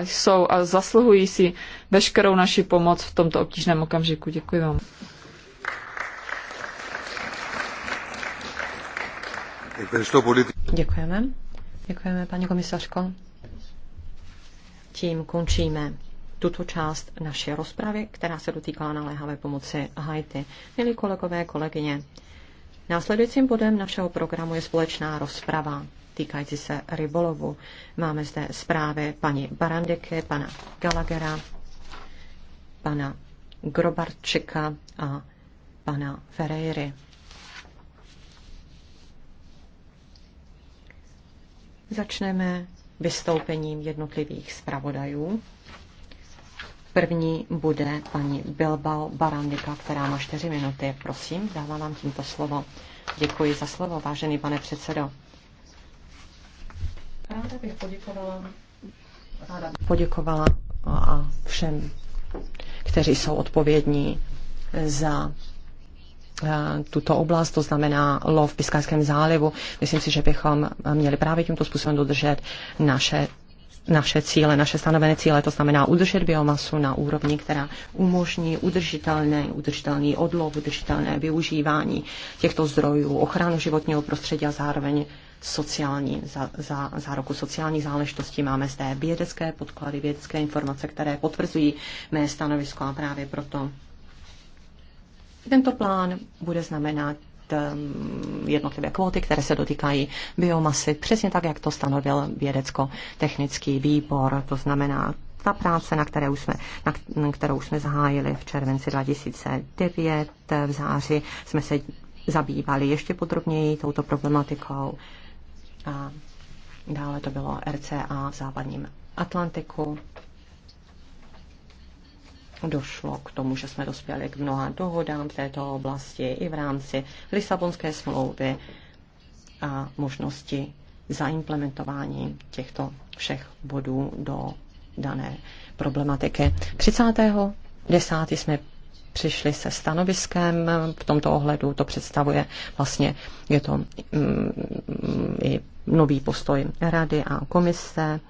jsou a zasluhují si veškerou naši pomoc v tomto obtížném okamžiku. Děkuji vám. Děkujeme. Děkujeme, paní komisařko. Tím končíme tuto část naší rozpravy, která se dotýkala naléhavé pomoci Haiti. Milí kolegové, kolegyně, Následujícím bodem našeho programu je společná rozprava týkající se rybolovu. Máme zde zprávy paní Barandeky, pana Galagera, pana Grobarčika a pana Ferreiry. Začneme vystoupením jednotlivých zpravodajů. První bude paní Bilbao Barandika, která má čtyři minuty. Prosím, dávám vám tímto slovo. Děkuji za slovo, vážený pane předsedo. Ráda bych poděkovala, ráda bych poděkovala a všem, kteří jsou odpovědní za eh, tuto oblast, to znamená lov v Piskajském zálivu. Myslím si, že bychom měli právě tímto způsobem dodržet naše naše cíle, naše stanovené cíle, to znamená udržet biomasu na úrovni, která umožní udržitelné, udržitelný odlov, udržitelné využívání těchto zdrojů, ochranu životního prostředí a zároveň sociální, za, za, za roku sociální záležitosti. Máme zde vědecké podklady, vědecké informace, které potvrzují mé stanovisko a právě proto tento plán bude znamenat Ehm, jednotlivé kvóty, které se dotýkají biomasy, přesně tak, jak to stanovil vědecko-technický výbor, to znamená ta práce, na, které už jsme, na, kterou už jsme zahájili v červenci 2009, v září jsme se zabývali ještě podrobněji touto problematikou. A dále to bylo RCA v západním Atlantiku došlo k tomu, že jsme dospěli k mnoha dohodám v této oblasti i v rámci Lisabonské smlouvy a možnosti zaimplementování těchto všech bodů do dané problematiky. 30. 10. jsme přišli se stanoviskem. V tomto ohledu to představuje vlastně, je to mm, mm i nový postoj rady a komise.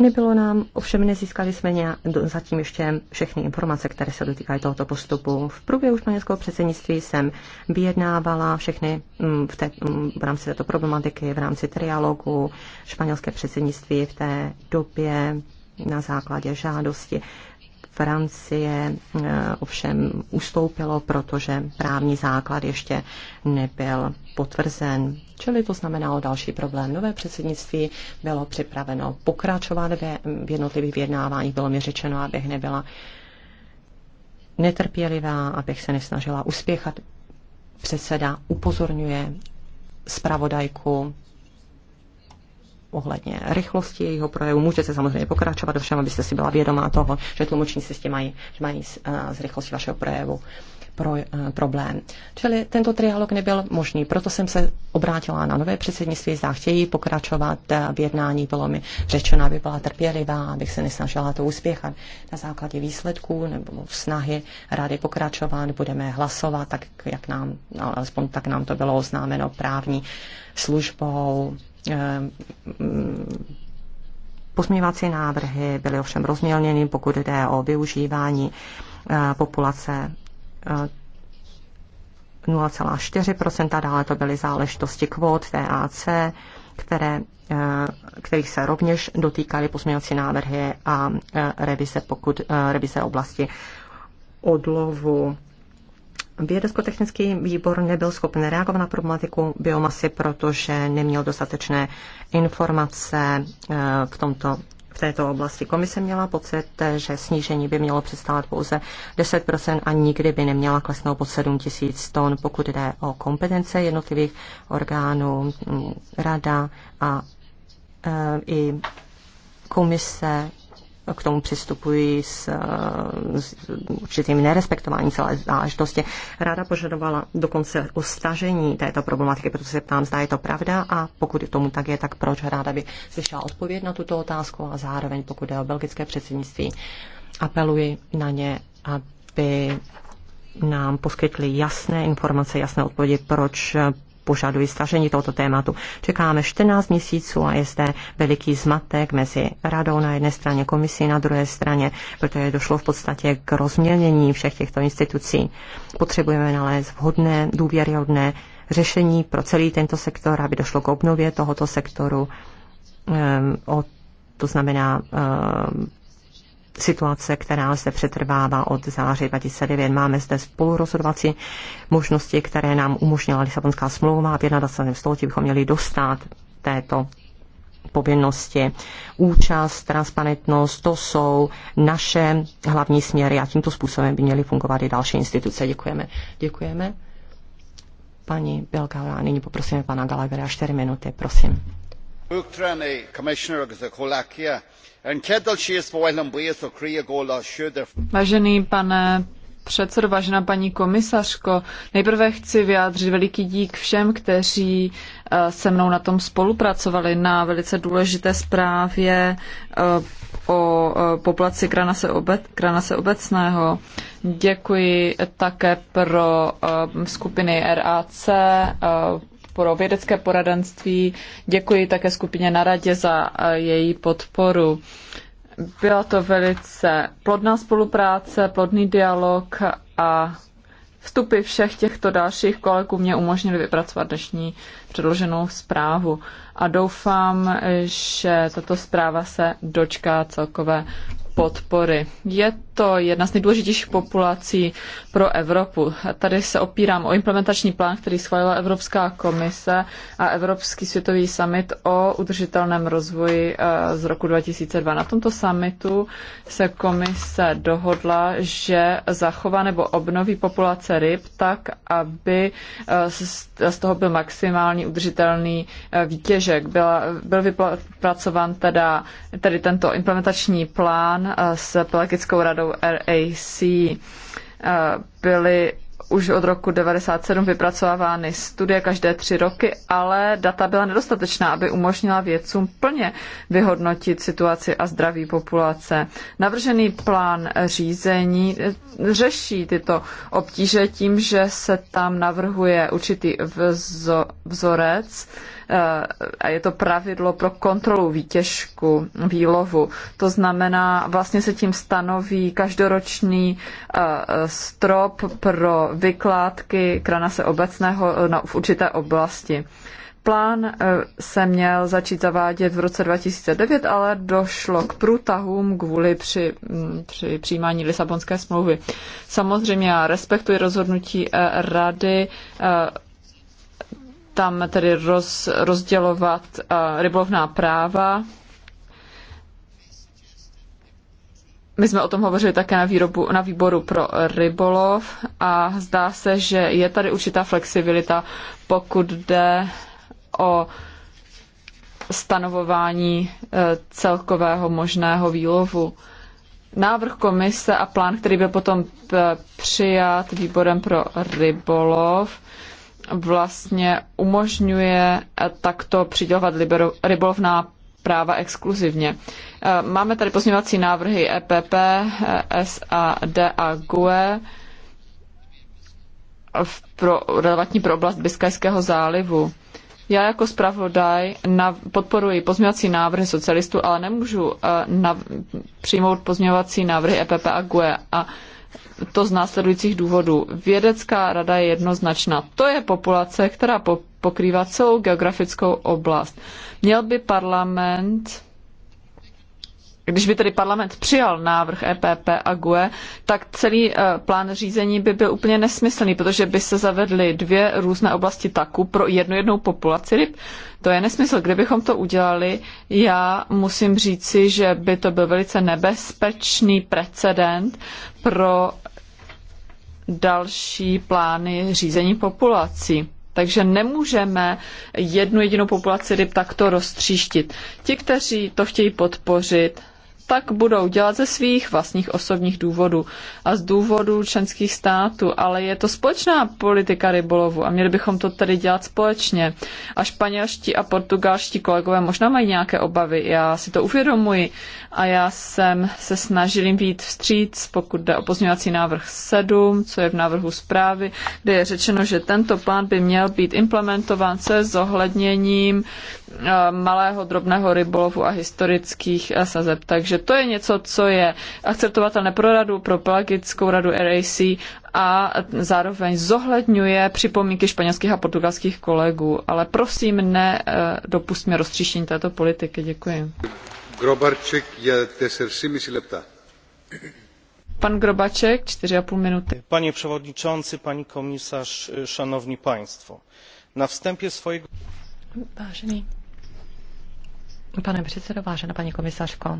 Nebylo nám, ovšem nezískali jsme nějak, zatím ještě všechny informace, které se dotýkají tohoto postupu. V průběhu španělského předsednictví jsem vyjednávala všechny mm, v, té, mm, v rámci této problematiky, v rámci trialogu, španělské předsednictví v té době na základě žádosti Francie eh, ovšem ustoupilo, protože právní základ ještě nebyl potvrzen. Čili to znamenalo další problém. Nové předsednictví bylo připraveno pokračovat v jednotlivých vyjednáváních. Bylo mi řečeno, abych nebyla netrpělivá, abych se nesnažila uspěchat. Předseda upozorňuje zpravodajku ohledně rychlosti jejího projevu. Můžete samozřejmě pokračovat, ovšem, abyste si byla vědomá toho, že tlumočníci s tím mají, že mají s, uh, eh, s rychlostí vašeho projevu pro, eh, problém. Čili tento trialog nebyl možný, proto jsem se obrátila na nové předsednictví, zda chtějí pokračovat eh, v jednání. Bylo mi řečeno, aby byla trpělivá, abych se nesnažila to uspěchat. Na základě výsledků nebo snahy rady pokračovat budeme hlasovat, tak jak nám, no, alespoň tak nám to bylo oznámeno právní službou Eh, mm, pozměňovací návrhy byly ovšem rozmělněny, pokud jde o využívání eh, populace 0,4%, eh, dále to byly záležitosti kvót TAC, které, kterých se rovněž dotýkaly pozměňovací návrhy a revize, pokud, revize oblasti odlovu Vědecko-technický výbor nebyl schopen reagovat na problematiku biomasy, protože neměl dostatečné informace eh, v tomto v této oblasti. Komise měla pocit, že snížení by mělo přestávat pouze 10% a nikdy by neměla klesnout pod 7 tisíc ton, pokud jde o kompetence jednotlivých orgánů, mm, rada a eh, i komise k tomu přistupují s, s určitým nerespektováním celé záležitosti. Ráda požadovala dokonce o stažení této problematiky, protože se ptám, zda je to pravda a pokud tomu tak je, tak proč ráda by slyšela odpověď na tuto otázku a zároveň, pokud je o belgické předsednictví, apeluji na ně, aby nám poskytli jasné informace, jasné odpovědi, proč požadují stažení tohoto tématu. Čekáme 14 měsíců a je zde veliký zmatek mezi radou na jedné straně, komisí na druhé straně, protože došlo v podstatě k rozmělnění všech těchto institucí. Potřebujeme nalézt vhodné, důvěryhodné řešení pro celý tento sektor, aby došlo k obnově tohoto sektoru. Um, ehm, od to znamená ehm, situace, která zde přetrvává od září 2009. Máme zde spolurozhodovací možnosti, které nám umožnila Lisabonská smlouva a v 21. století bychom měli dostat této povinnosti. Účast, transparentnost, to jsou naše hlavní směry a tímto způsobem by měly fungovat i další instituce. Děkujeme. Děkujeme. Paní Belka, nyní poprosíme pana Galagera 4 minuty, prosím uachtaráin é agus a Vážený pane předsedo, vážená paní komisařko, nejprve chci vyjádřit veliký dík všem, kteří eh, se mnou na tom spolupracovali na velice důležité zprávě eh, o eh, poplaci Kranase, obec, Kranase obecného. Děkuji také pro skupiny RAC, pro vědecké poradenství. Děkuji také skupině na radě za eh, její podporu. Byla to velice plodná spolupráce, plodný dialog a vstupy všech těchto dalších kolegů mě umožnily vypracovat dnešní předloženou zprávu. A doufám, že tato zpráva se dočká celkové podpory. Je to jedna z nejdůležitějších populací pro Evropu. Tady se opírám o implementační plán, který schválila Evropská komise a Evropský světový summit o udržitelném rozvoji eh, z roku 2002. Na tomto summitu se komise dohodla, že zachová nebo obnoví populace ryb tak, aby eh, z toho byl maximální udržitelný eh, výtěžek. Byla, byl vypracován teda, tedy tento implementační plán s Pelagickou radou RAC. Eh, byly už od roku 1997 vypracovávány studie každé tři roky, ale data byla nedostatečná, aby umožnila vědcům plně vyhodnotit situaci a zdraví populace. Navržený plán řízení eh, řeší tyto obtíže tím, že se tam navrhuje určitý vzorec, a je to pravidlo pro kontrolu výtěžku, výlovu. To znamená, vlastně se tím stanoví každoroční eh, strop pro vykládky kranase obecného eh, v určité oblasti. Plán eh, se měl začít zavádět v roce 2009, ale došlo k průtahům kvůli při, mm, při přijímání Lisabonské smlouvy. Samozřejmě já respektuji rozhodnutí Rady tam tedy roz, rozdělovat eh, rybovná práva. My jsme o tom hovořili také na, výrobu, na výboru pro rybolov a zdá se, že je tady určitá flexibilita, pokud jde o stanovování eh, celkového možného výlovu. Návrh komise a plán, který byl potom eh, přijat výborem pro rybolov, vlastně umožňuje eh, takto přidělovat rybolovná práva exkluzivně. Eh, máme tady pozměňovací návrhy EPP, eh, SAD a GUE v pro, relevantní pro oblast Biskajského zálivu. Já jako zpravodaj podporuji pozměňovací návrhy socialistů, ale nemůžu uh, na, přijmout pozměňovací návrhy EPP a GUE. A uh, to z následujících důvodů. Vědecká rada je jednoznačná. To je populace, která pokrývá celou geografickou oblast. Měl by parlament když by tedy parlament přijal návrh EPP a GUE, tak celý eh, plán řízení by byl úplně nesmyslný, protože by se zavedly dvě různé oblasti taku pro jednu jednou populaci ryb. To je nesmysl. Kdybychom to udělali, já musím říci, že by to byl velice nebezpečný precedent pro další plány řízení populací. Takže nemůžeme jednu jedinou populaci ryb takto roztříštit. Ti, kteří to chtějí podpořit, tak budou dělat ze svých vlastních osobních důvodů a z důvodů členských států, ale je to společná politika rybolovu a měli bychom to tedy dělat společně. A španělští a portugalští kolegové možná mají nějaké obavy, já si to uvědomuji a já jsem se snažil jim být vstříc, pokud jde o pozměňovací návrh 7, co je v návrhu zprávy, kde je řečeno, že tento plán by měl být implementován se zohledněním eh, malého drobného rybolovu a historických eh, sazeb. Takže to je něco, co je akceptovatelné pro radu, pro Pelagickou radu RAC a zároveň zohledňuje připomínky španělských a portugalských kolegů. Ale prosím, ne eh, dopustme roztříštění této politiky. Děkuji. Grobarček je 4,5 lepta. Pan Grobaček, 4,5 minuty. Panie przewodniczący, pani komisarz, szanowni państwo. Na wstępie swojego... Vážený pane předsedo, vážená paní komisařko,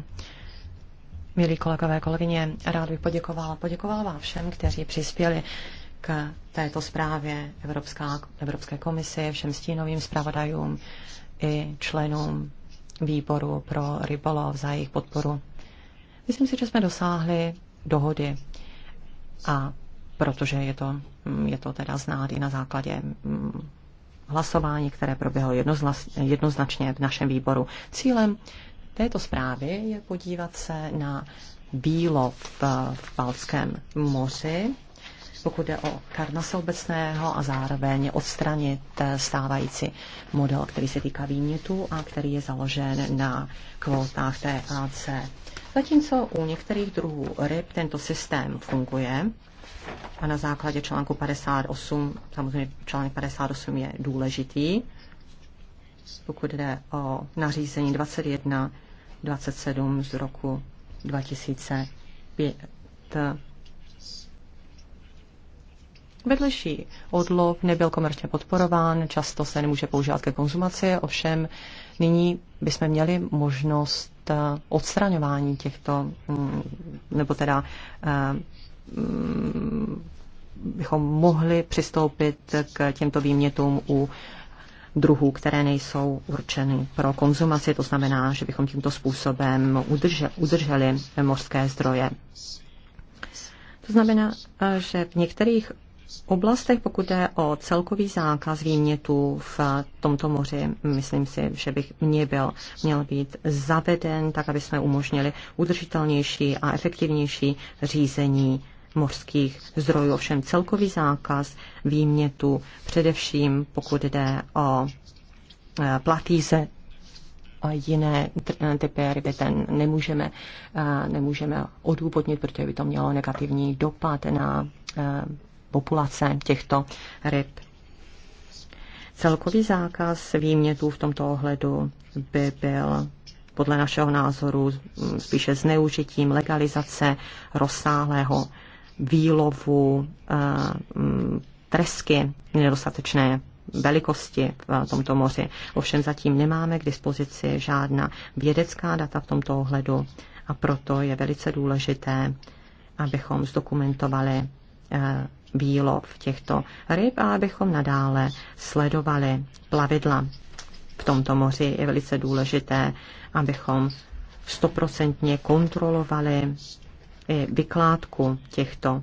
Milí kolegové, kolegyně, rád bych poděkovala. Poděkovala vám všem, kteří přispěli k této zprávě Evropská, Evropské komisi, všem stínovým zpravodajům i členům výboru pro rybolov za jejich podporu. Myslím si, že jsme dosáhli dohody a protože je to, je to teda znát i na základě mm, hlasování, které proběhlo jednoznačně v našem výboru. Cílem této zprávy je podívat se na bílo eh, v Balckém moři, pokud jde o karnase obecného a zároveň odstranit eh, stávající model, který se týká výmětu a který je založen na kvótách TAC. Zatímco u některých druhů ryb tento systém funguje a na základě článku 58, samozřejmě článek 58 je důležitý, pokud jde o nařízení 21 27 z roku 2005. Vedlejší odlov nebyl komerčně podporován, často se nemůže používat ke konzumaci, ovšem nyní bychom měli možnost eh, odstraňování těchto, mm, nebo teda eh, mm, bychom mohli přistoupit k těmto výmětům u druhů, které nejsou určeny pro konzumaci. To znamená, že bychom tímto způsobem udrželi mořské zdroje. To znamená, že v některých oblastech, pokud je o celkový zákaz výmětů v tomto moři, myslím si, že bych mě byl, měl být zaveden, tak aby jsme umožnili udržitelnější a efektivnější řízení mořských zdrojů. Ovšem celkový zákaz výmětu, především pokud jde o e, platíze a jiné e, typy ryby, ten nemůžeme, e, nemůžeme odůvodnit, protože by to mělo negativní dopad na populace těchto ryb. Celkový zákaz výmětů v tomto ohledu by byl podle našeho názoru spíše zneužitím legalizace rozsáhlého výlovu, eh, mm, tresky nedostatečné velikosti v tomto moři. Ovšem zatím nemáme k dispozici žádná vědecká data v tomto ohledu a proto je velice důležité, abychom zdokumentovali eh, výlov těchto ryb a abychom nadále sledovali plavidla v tomto moři. Je velice důležité, abychom stoprocentně kontrolovali vykládku těchto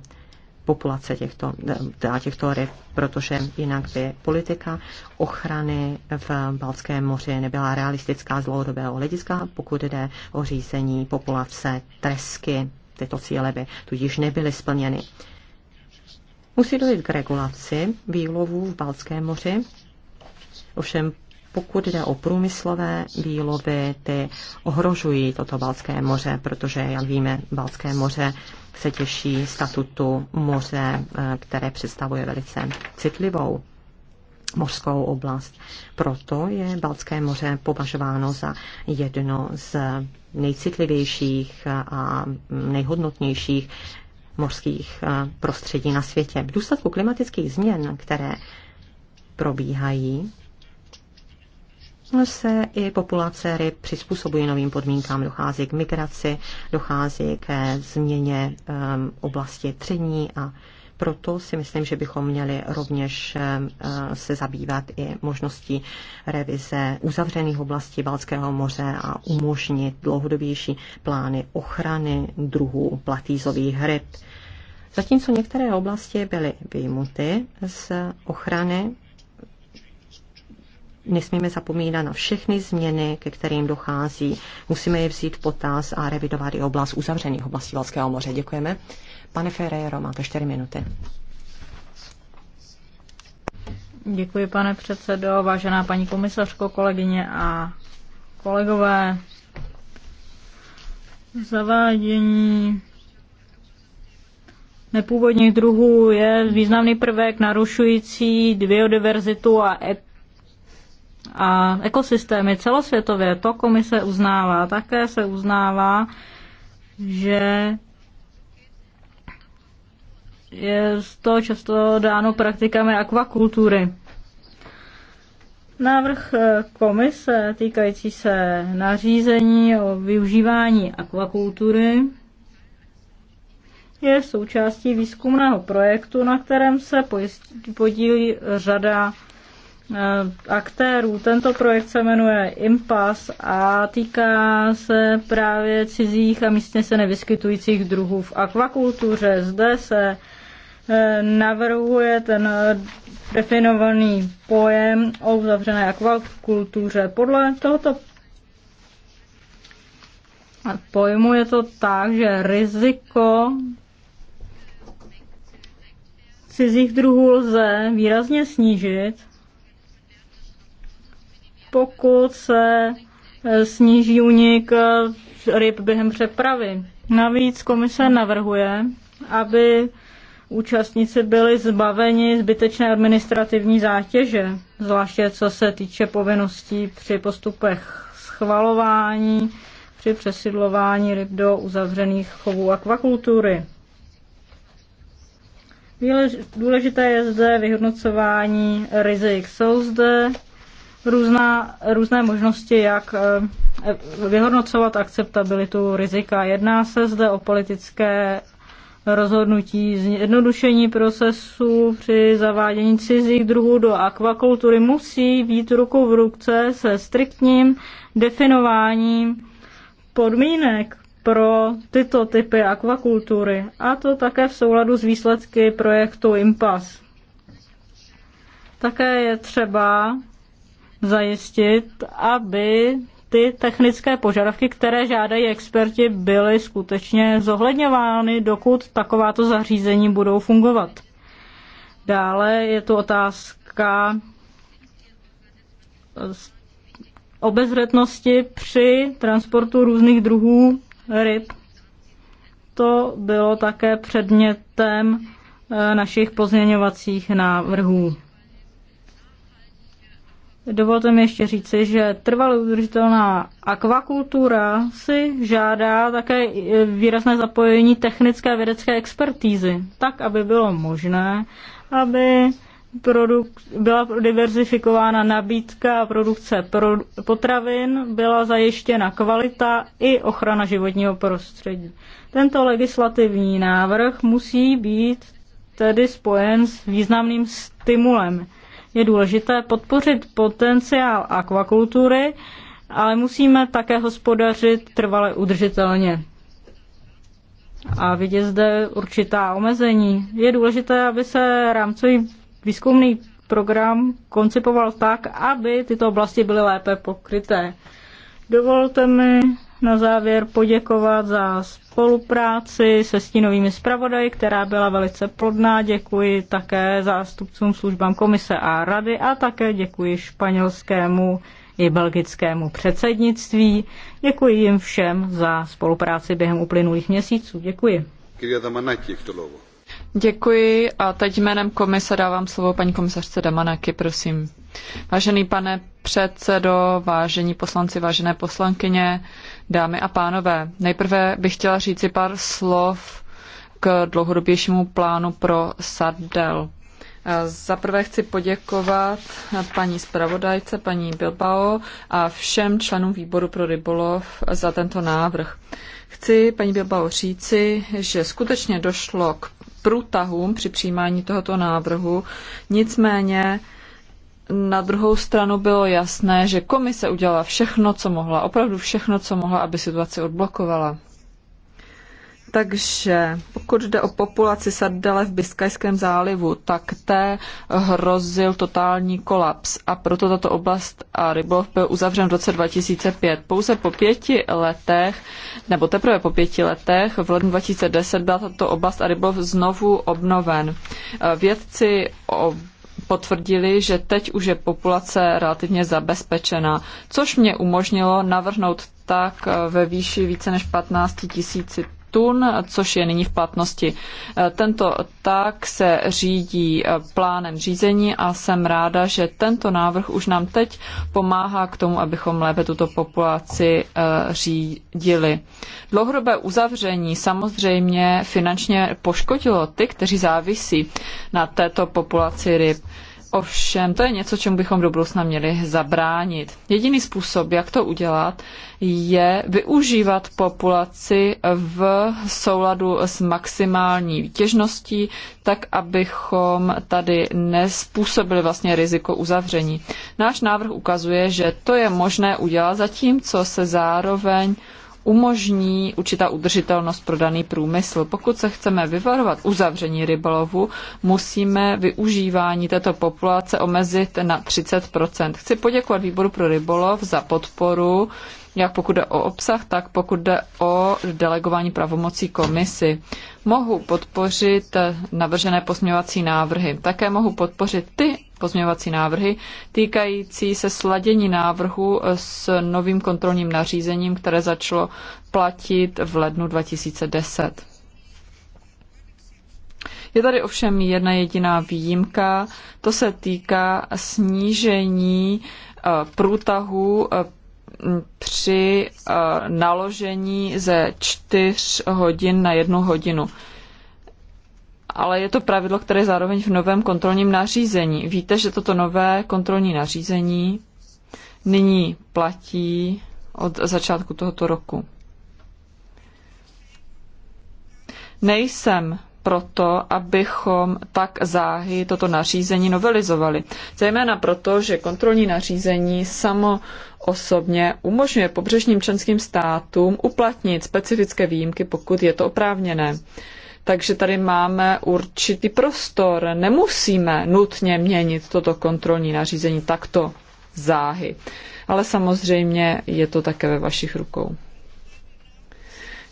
populace těchto, teda těchto ryb, protože jinak by politika ochrany v Balckém moři nebyla realistická z dlouhodobého hlediska, pokud jde o řízení populace tresky. Tyto cíle by tudíž nebyly splněny. Musí dojít k regulaci výlovů v Balckém moři, ovšem pokud jde o průmyslové výlovy, ty ohrožují toto Balské moře, protože, jak víme, Balské moře se těší statutu moře, eh, které představuje velice citlivou mořskou oblast. Proto je Balské moře považováno za jedno z nejcitlivějších a nejhodnotnějších mořských eh, prostředí na světě. V důsledku klimatických změn, které probíhají, se i populace ryb přizpůsobuje novým podmínkám, dochází k migraci, dochází ke změně um, oblasti tření a proto si myslím, že bychom měli rovněž um, uh, se zabývat i možností revize uzavřených oblastí Balckého moře a umožnit dlouhodobější plány ochrany druhů platýzových ryb. Zatímco některé oblasti byly vyjmuty z ochrany nesmíme zapomínat na všechny změny, ke kterým dochází. Musíme je vzít potaz a revidovat i oblast uzavřených oblastí Valského moře. Děkujeme. Pane Ferrero, máte 4 minuty. Děkuji, pane předsedo, vážená paní komisařko, kolegyně a kolegové. Zavádění nepůvodních druhů je významný prvek narušující biodiverzitu a ek- a ekosystémy celosvětově, to komise uznává. Také se uznává, že je to často dáno praktikami akvakultury. Návrh eh, komise týkající se nařízení o využívání akvakultury je součástí výzkumného projektu, na kterém se podílí řada Eh, aktérů. Tento projekt se jmenuje Impas a týká se právě cizích a místně se nevyskytujících druhů v akvakultuře. Zde se eh, navrhuje ten eh, definovaný pojem o uzavřené akvakultuře. Podle tohoto pojmu je to tak, že riziko cizích druhů lze výrazně snížit pokud se e, sníží únik e, ryb během přepravy. Navíc komise navrhuje, aby účastníci byli zbaveni zbytečné administrativní zátěže, zvláště co se týče povinností při postupech schvalování, při přesidlování ryb do uzavřených chovů akvakultury. Důležité je zde vyhodnocování rizik. Jsou zde různá, různé možnosti, jak eh, vyhodnocovat akceptabilitu rizika. Jedná se zde o politické rozhodnutí zjednodušení procesu při zavádění cizích druhů do akvakultury musí být ruku v ruce se striktním definováním podmínek pro tyto typy akvakultury a to také v souladu s výsledky projektu IMPAS. Také je třeba zajistit, aby ty technické požadavky, které žádají experti, byly skutečně zohledňovány, dokud takováto zařízení budou fungovat. Dále je tu otázka obezřetnosti při transportu různých druhů ryb. To bylo také předmětem eh, našich pozměňovacích návrhů. Dovolte mi ještě říci, že trvalo udržitelná akvakultura si žádá také výrazné zapojení technické a vědecké expertízy, tak, aby bylo možné, aby produkt, byla diverzifikována nabídka a produkce pro, potravin, byla zajištěna kvalita i ochrana životního prostředí. Tento legislativní návrh musí být tedy spojen s významným stimulem je důležité podpořit potenciál akvakultury, ale musíme také hospodařit trvale udržitelně. A vidět zde určitá omezení. Je důležité, aby se rámcový výzkumný program koncipoval tak, aby tyto oblasti byly lépe pokryté. Dovolte mi na závěr poděkovat za spolupráci se stínovými zpravodaji, která byla velice plodná. Děkuji také zástupcům službám komise a rady a také děkuji španělskému i belgickému předsednictví. Děkuji jim všem za spolupráci během uplynulých měsíců. Děkuji. Děkuji a teď jménem komise dávám slovo paní komisařce Damanaky, prosím. Vážený pane předsedo, vážení poslanci, vážené poslankyně, dámy a pánové. Nejprve bych chtěla říci pár slov k dlouhodobějšímu plánu pro Sardel. Za prvé chci poděkovat paní zpravodajce, paní Bilbao a všem členům výboru pro rybolov za tento návrh. Chci paní Bilbao říci, že skutečně došlo k průtahům při přijímání tohoto návrhu, nicméně na druhou stranu bylo jasné, že komise udělala všechno, co mohla, opravdu všechno, co mohla, aby situaci odblokovala. Takže pokud jde o populaci sardele v Biskajském zálivu, tak té hrozil totální kolaps a proto tato oblast a rybolov byl uzavřen v roce 2005. Pouze po pěti letech, nebo teprve po pěti letech, v lednu 2010 byla tato oblast a rybolov znovu obnoven. Vědci ob potvrdili, že teď už je populace relativně zabezpečená, což mě umožnilo navrhnout tak eh, ve výši více než 15 tisíc tun, což je nyní v platnosti. Eh, tento tak se řídí eh, plánem řízení a jsem ráda, že tento návrh už nám teď pomáhá k tomu, abychom lépe tuto populaci eh, řídili. Dlouhodobé uzavření samozřejmě finančně poškodilo ty, kteří závisí na této populaci ryb. Ovšem, to je něco, čemu bychom do budoucna měli zabránit. Jediný způsob, jak to udělat, je využívat populaci v souladu s maximální výtěžností, tak abychom tady nespůsobili vlastně riziko uzavření. Náš návrh ukazuje, že to je možné udělat, zatímco se zároveň umožní určitá udržitelnost pro daný průmysl. Pokud se chceme vyvarovat uzavření rybolovu, musíme využívání této populace omezit na 30 Chci poděkovat výboru pro rybolov za podporu jak pokud jde o obsah, tak pokud jde o delegování pravomocí komisi. Mohu podpořit navržené pozměňovací návrhy. Také mohu podpořit ty pozměňovací návrhy týkající se sladění návrhu s novým kontrolním nařízením, které začalo platit v lednu 2010. Je tady ovšem jedna jediná výjimka, to se týká snížení eh, průtahu eh, při eh, naložení ze čtyř hodin na jednu hodinu. Ale je to pravidlo, které je zároveň v novém kontrolním nařízení. Víte, že toto nové kontrolní nařízení nyní platí od začátku tohoto roku. Nejsem proto, abychom tak záhy toto nařízení novelizovali. Zejména proto, že kontrolní nařízení samo osobně umožňuje pobřežním členským státům uplatnit specifické výjimky, pokud je to oprávněné. Takže tady máme určitý prostor. Nemusíme nutně měnit toto kontrolní nařízení takto záhy. Ale samozřejmě je to také ve vašich rukou.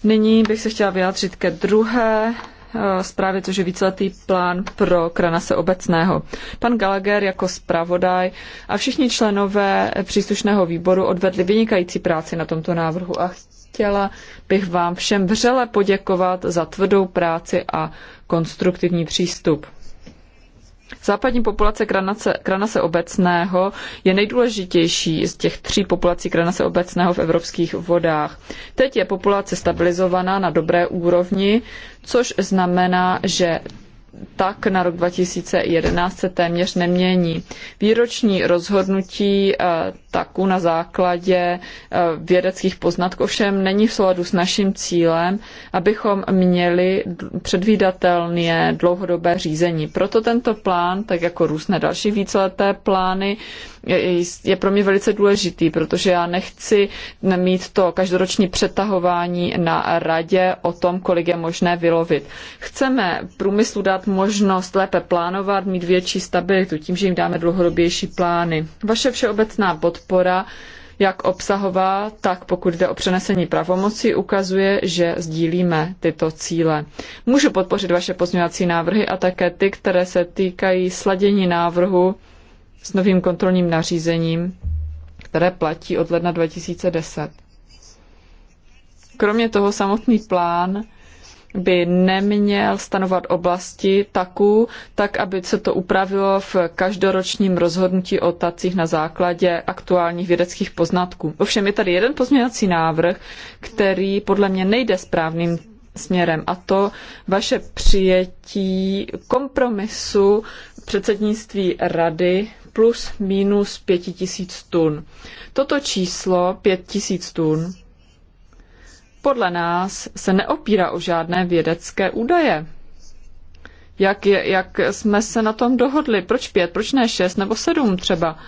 Nyní bych se chtěla vyjádřit ke druhé Eh, zprávě, což je víceletý plán pro kranase obecného. Pan Gallagher jako zpravodaj a všichni členové příslušného výboru odvedli vynikající práci na tomto návrhu a chtěla bych vám všem vřele poděkovat za tvrdou práci a konstruktivní přístup. Západní populace kranace, kranase obecného je nejdůležitější z těch tří populací kranase obecného v evropských vodách. Teď je populace stabilizovaná na dobré úrovni, což znamená, že tak na rok 2011 se téměř nemění. Výroční rozhodnutí eh, taku na základě eh, vědeckých poznatků ovšem není v souladu s naším cílem, abychom měli předvídatelné dlouhodobé řízení. Proto tento plán, tak jako různé další víceleté plány, je pro mě velice důležitý, protože já nechci mít to každoroční přetahování na radě o tom, kolik je možné vylovit. Chceme průmyslu dát možnost lépe plánovat, mít větší stabilitu tím, že jim dáme dlouhodobější plány. Vaše všeobecná podpora, jak obsahová, tak pokud jde o přenesení pravomocí, ukazuje, že sdílíme tyto cíle. Můžu podpořit vaše pozměňovací návrhy a také ty, které se týkají sladění návrhu s novým kontrolním nařízením, které platí od ledna 2010. Kromě toho samotný plán by neměl stanovat oblasti taku, tak aby se to upravilo v každoročním rozhodnutí o tacích na základě aktuálních vědeckých poznatků. Ovšem je tady jeden pozměňovací návrh, který podle mě nejde správným směrem a to vaše přijetí kompromisu předsednictví rady plus minus pěti tisíc tun. Toto číslo pět tisíc tun podle nás se neopírá o žádné vědecké údaje. Jak, je, jak jsme se na tom dohodli? Proč pět, proč ne šest nebo sedm třeba?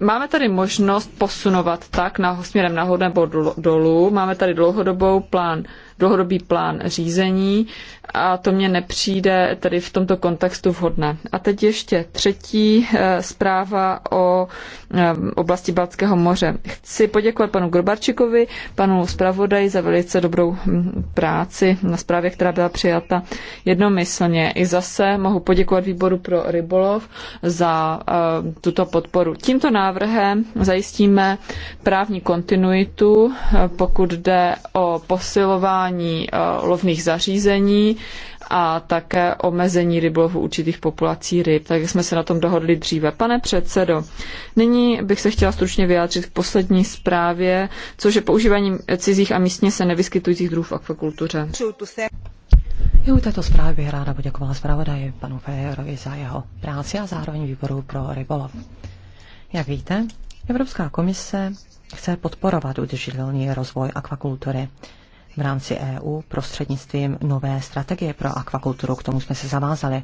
Máme tady možnost posunovat tak na, směrem nahoru nebo dolů. Máme tady dlouhodobou plán dlouhodobý plán řízení a to mě nepřijde tedy v tomto kontextu vhodné. A teď ještě třetí eh, zpráva o eh, oblasti Balckého moře. Chci poděkovat panu Grobarčikovi, panu zpravodaji za velice dobrou hm, práci na zprávě, která byla přijata jednomyslně. I zase mohu poděkovat výboru pro rybolov za eh, tuto podporu. Tímto návrhem zajistíme právní kontinuitu, pokud jde o posilování fungování eh, lovných zařízení a také omezení rybolovu určitých populací ryb, tak jsme se na tom dohodli dříve. Pane předsedo, nyní bych se chtěla stručně vyjádřit k poslední zprávě, což je používání cizích a místně se nevyskytujících druhů v akvakultuře. I u této zprávy bych ráda poděkovala zpravodaji panu Fejerovi za jeho práci a zároveň výboru pro rybolov. Jak víte, Evropská komise chce podporovat udržitelný rozvoj akvakultury v rámci EU prostřednictvím nové strategie pro akvakulturu. K tomu jsme se zavázali.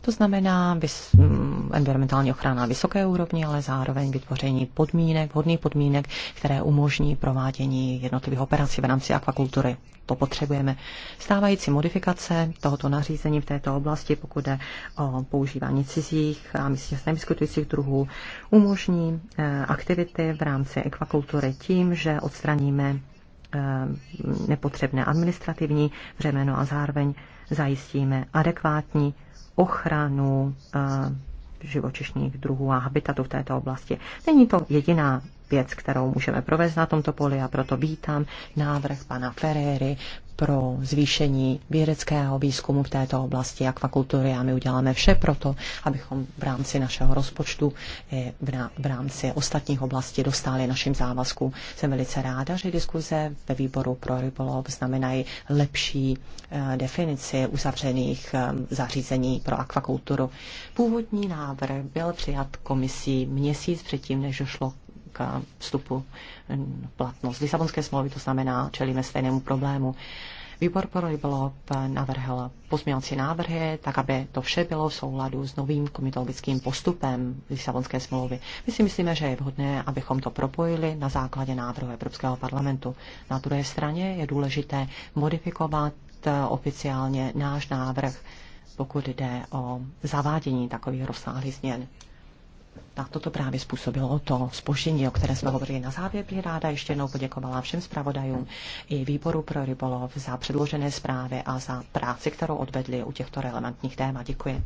To znamená vys- mm, environmentální ochrana vysoké úrovni, ale zároveň vytvoření podmínek, vhodných podmínek, které umožní provádění jednotlivých operací v rámci akvakultury. To potřebujeme. Stávající modifikace tohoto nařízení v této oblasti, pokud jde o používání cizích a myslím, že nevyskutujících druhů, umožní eh, aktivity v rámci akvakultury tím, že odstraníme Eh, nepotřebné administrativní břemeno a zároveň zajistíme adekvátní ochranu eh, živočišních druhů a habitatu v této oblasti. Není to jediná věc, kterou můžeme provést na tomto poli a proto vítám návrh pana Ferrery pro zvýšení vědeckého výzkumu v této oblasti akvakultury a my uděláme vše proto, abychom v rámci našeho rozpočtu i eh, v rámci ostatních oblastí dostali našim závazkům. Jsem velice ráda, že diskuze ve výboru pro rybolov znamenají lepší eh, definici uzavřených eh, zařízení pro akvakulturu. Původní návrh byl přijat komisí měsíc předtím, než došlo k vstupu platnost Lisabonské smlouvy, to znamená, čelíme stejnému problému. Výbor pro rybolov navrhl pozměňovací návrhy, tak aby to vše bylo v souladu s novým komitologickým postupem Lisabonské smlouvy. My si myslíme, že je vhodné, abychom to propojili na základě návrhu Evropského parlamentu. Na druhé straně je důležité modifikovat eh, oficiálně náš návrh, pokud jde o zavádění takových rozsáhlých změn na toto právě způsobilo to spoždění, o které jsme hovořili na závěr. Bych ráda ještě jednou poděkovala všem zpravodajům i výboru pro rybolov za předložené zprávy a za práci, kterou odvedli u těchto relevantních témat. Děkuji.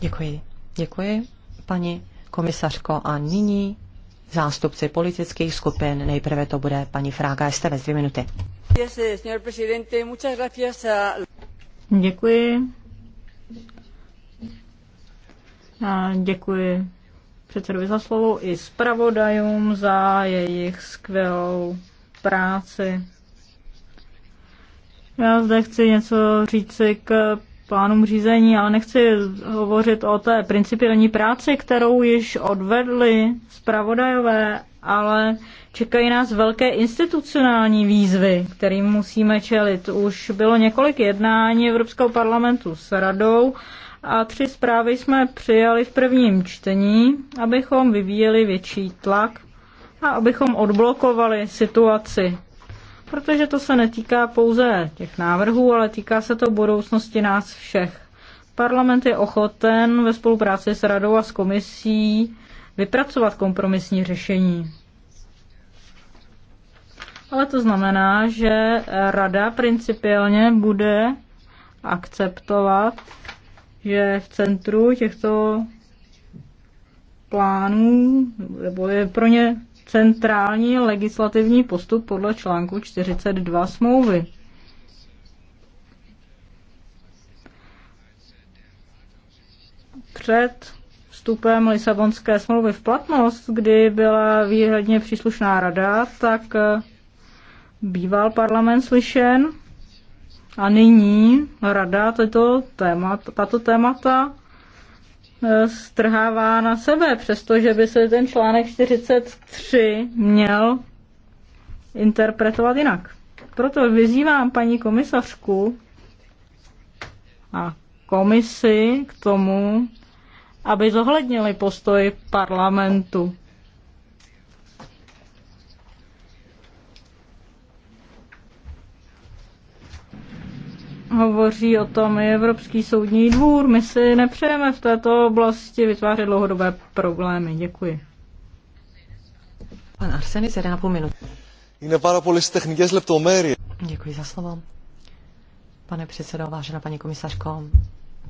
Děkuji. Děkuji, paní komisařko. A nyní zástupci politických skupin. Nejprve to bude paní Frága ve dvě minuty. Děkuji, Děkuji. A děkuji předsedovi za slovo i zpravodajům za jejich skvělou práci. Já zde chci něco říci k plánům řízení, ale nechci hovořit o té principiální práci, kterou již odvedli zpravodajové ale čekají nás velké institucionální výzvy, kterým musíme čelit. Už bylo několik jednání Evropského parlamentu s radou a tři zprávy jsme přijali v prvním čtení, abychom vyvíjeli větší tlak a abychom odblokovali situaci. Protože to se netýká pouze těch návrhů, ale týká se to budoucnosti nás všech. Parlament je ochoten ve spolupráci s radou a s komisí vypracovat kompromisní řešení. Ale to znamená, že rada principiálně bude akceptovat, že v centru těchto plánů, nebo je pro ně centrální legislativní postup podle článku 42 smlouvy. Před vstupem Lisabonské smlouvy v platnost, kdy byla výhradně příslušná rada, tak eh, býval parlament slyšen a nyní rada tato témata, tato témata eh, strhává na sebe, přestože by se ten článek 43 měl interpretovat jinak. Proto vyzývám paní komisařku a komisi k tomu, aby zohlednili postoj parlamentu. Hovoří o tom i Evropský soudní dvůr. My si nepřejeme v této oblasti vytvářet dlouhodobé problémy. Děkuji. Pan Arsenis, 1,5 minut. půl πάρα technické Děkuji za slovo. Pane předsedo, vážená paní komisařko,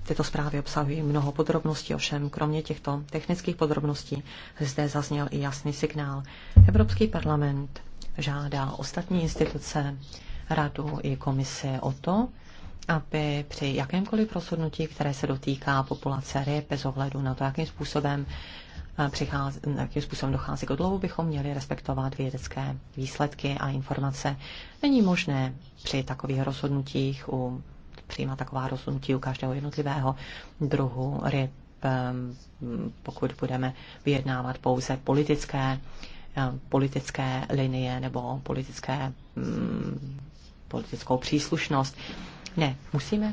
Tyto zprávy obsahují mnoho podrobností, ovšem kromě těchto technických podrobností zde zazněl i jasný signál. Evropský parlament žádá ostatní instituce, radu i komisi o to, aby při jakémkoliv rozhodnutí, které se dotýká populace ryb, bez ohledu na to, jakým způsobem, eh, přichází, jakým způsobem dochází k odlovu, bychom měli respektovat vědecké výsledky a informace. Není možné při takových rozhodnutích u přijímat taková rozhodnutí u každého jednotlivého druhu ryb, ehm, pokud budeme vyjednávat pouze politické, ehm, politické linie nebo politické, mm, politickou příslušnost. Ne, musíme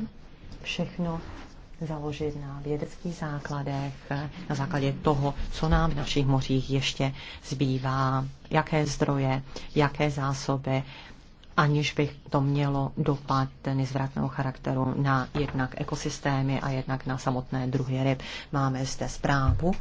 všechno založit na vědeckých základech, na základě toho, co nám v našich mořích ještě zbývá, jaké zdroje, jaké zásoby, aniž by to mělo dopad nezvratného charakteru na jednak ekosystémy a jednak na samotné druhy ryb. Máme zde zprávu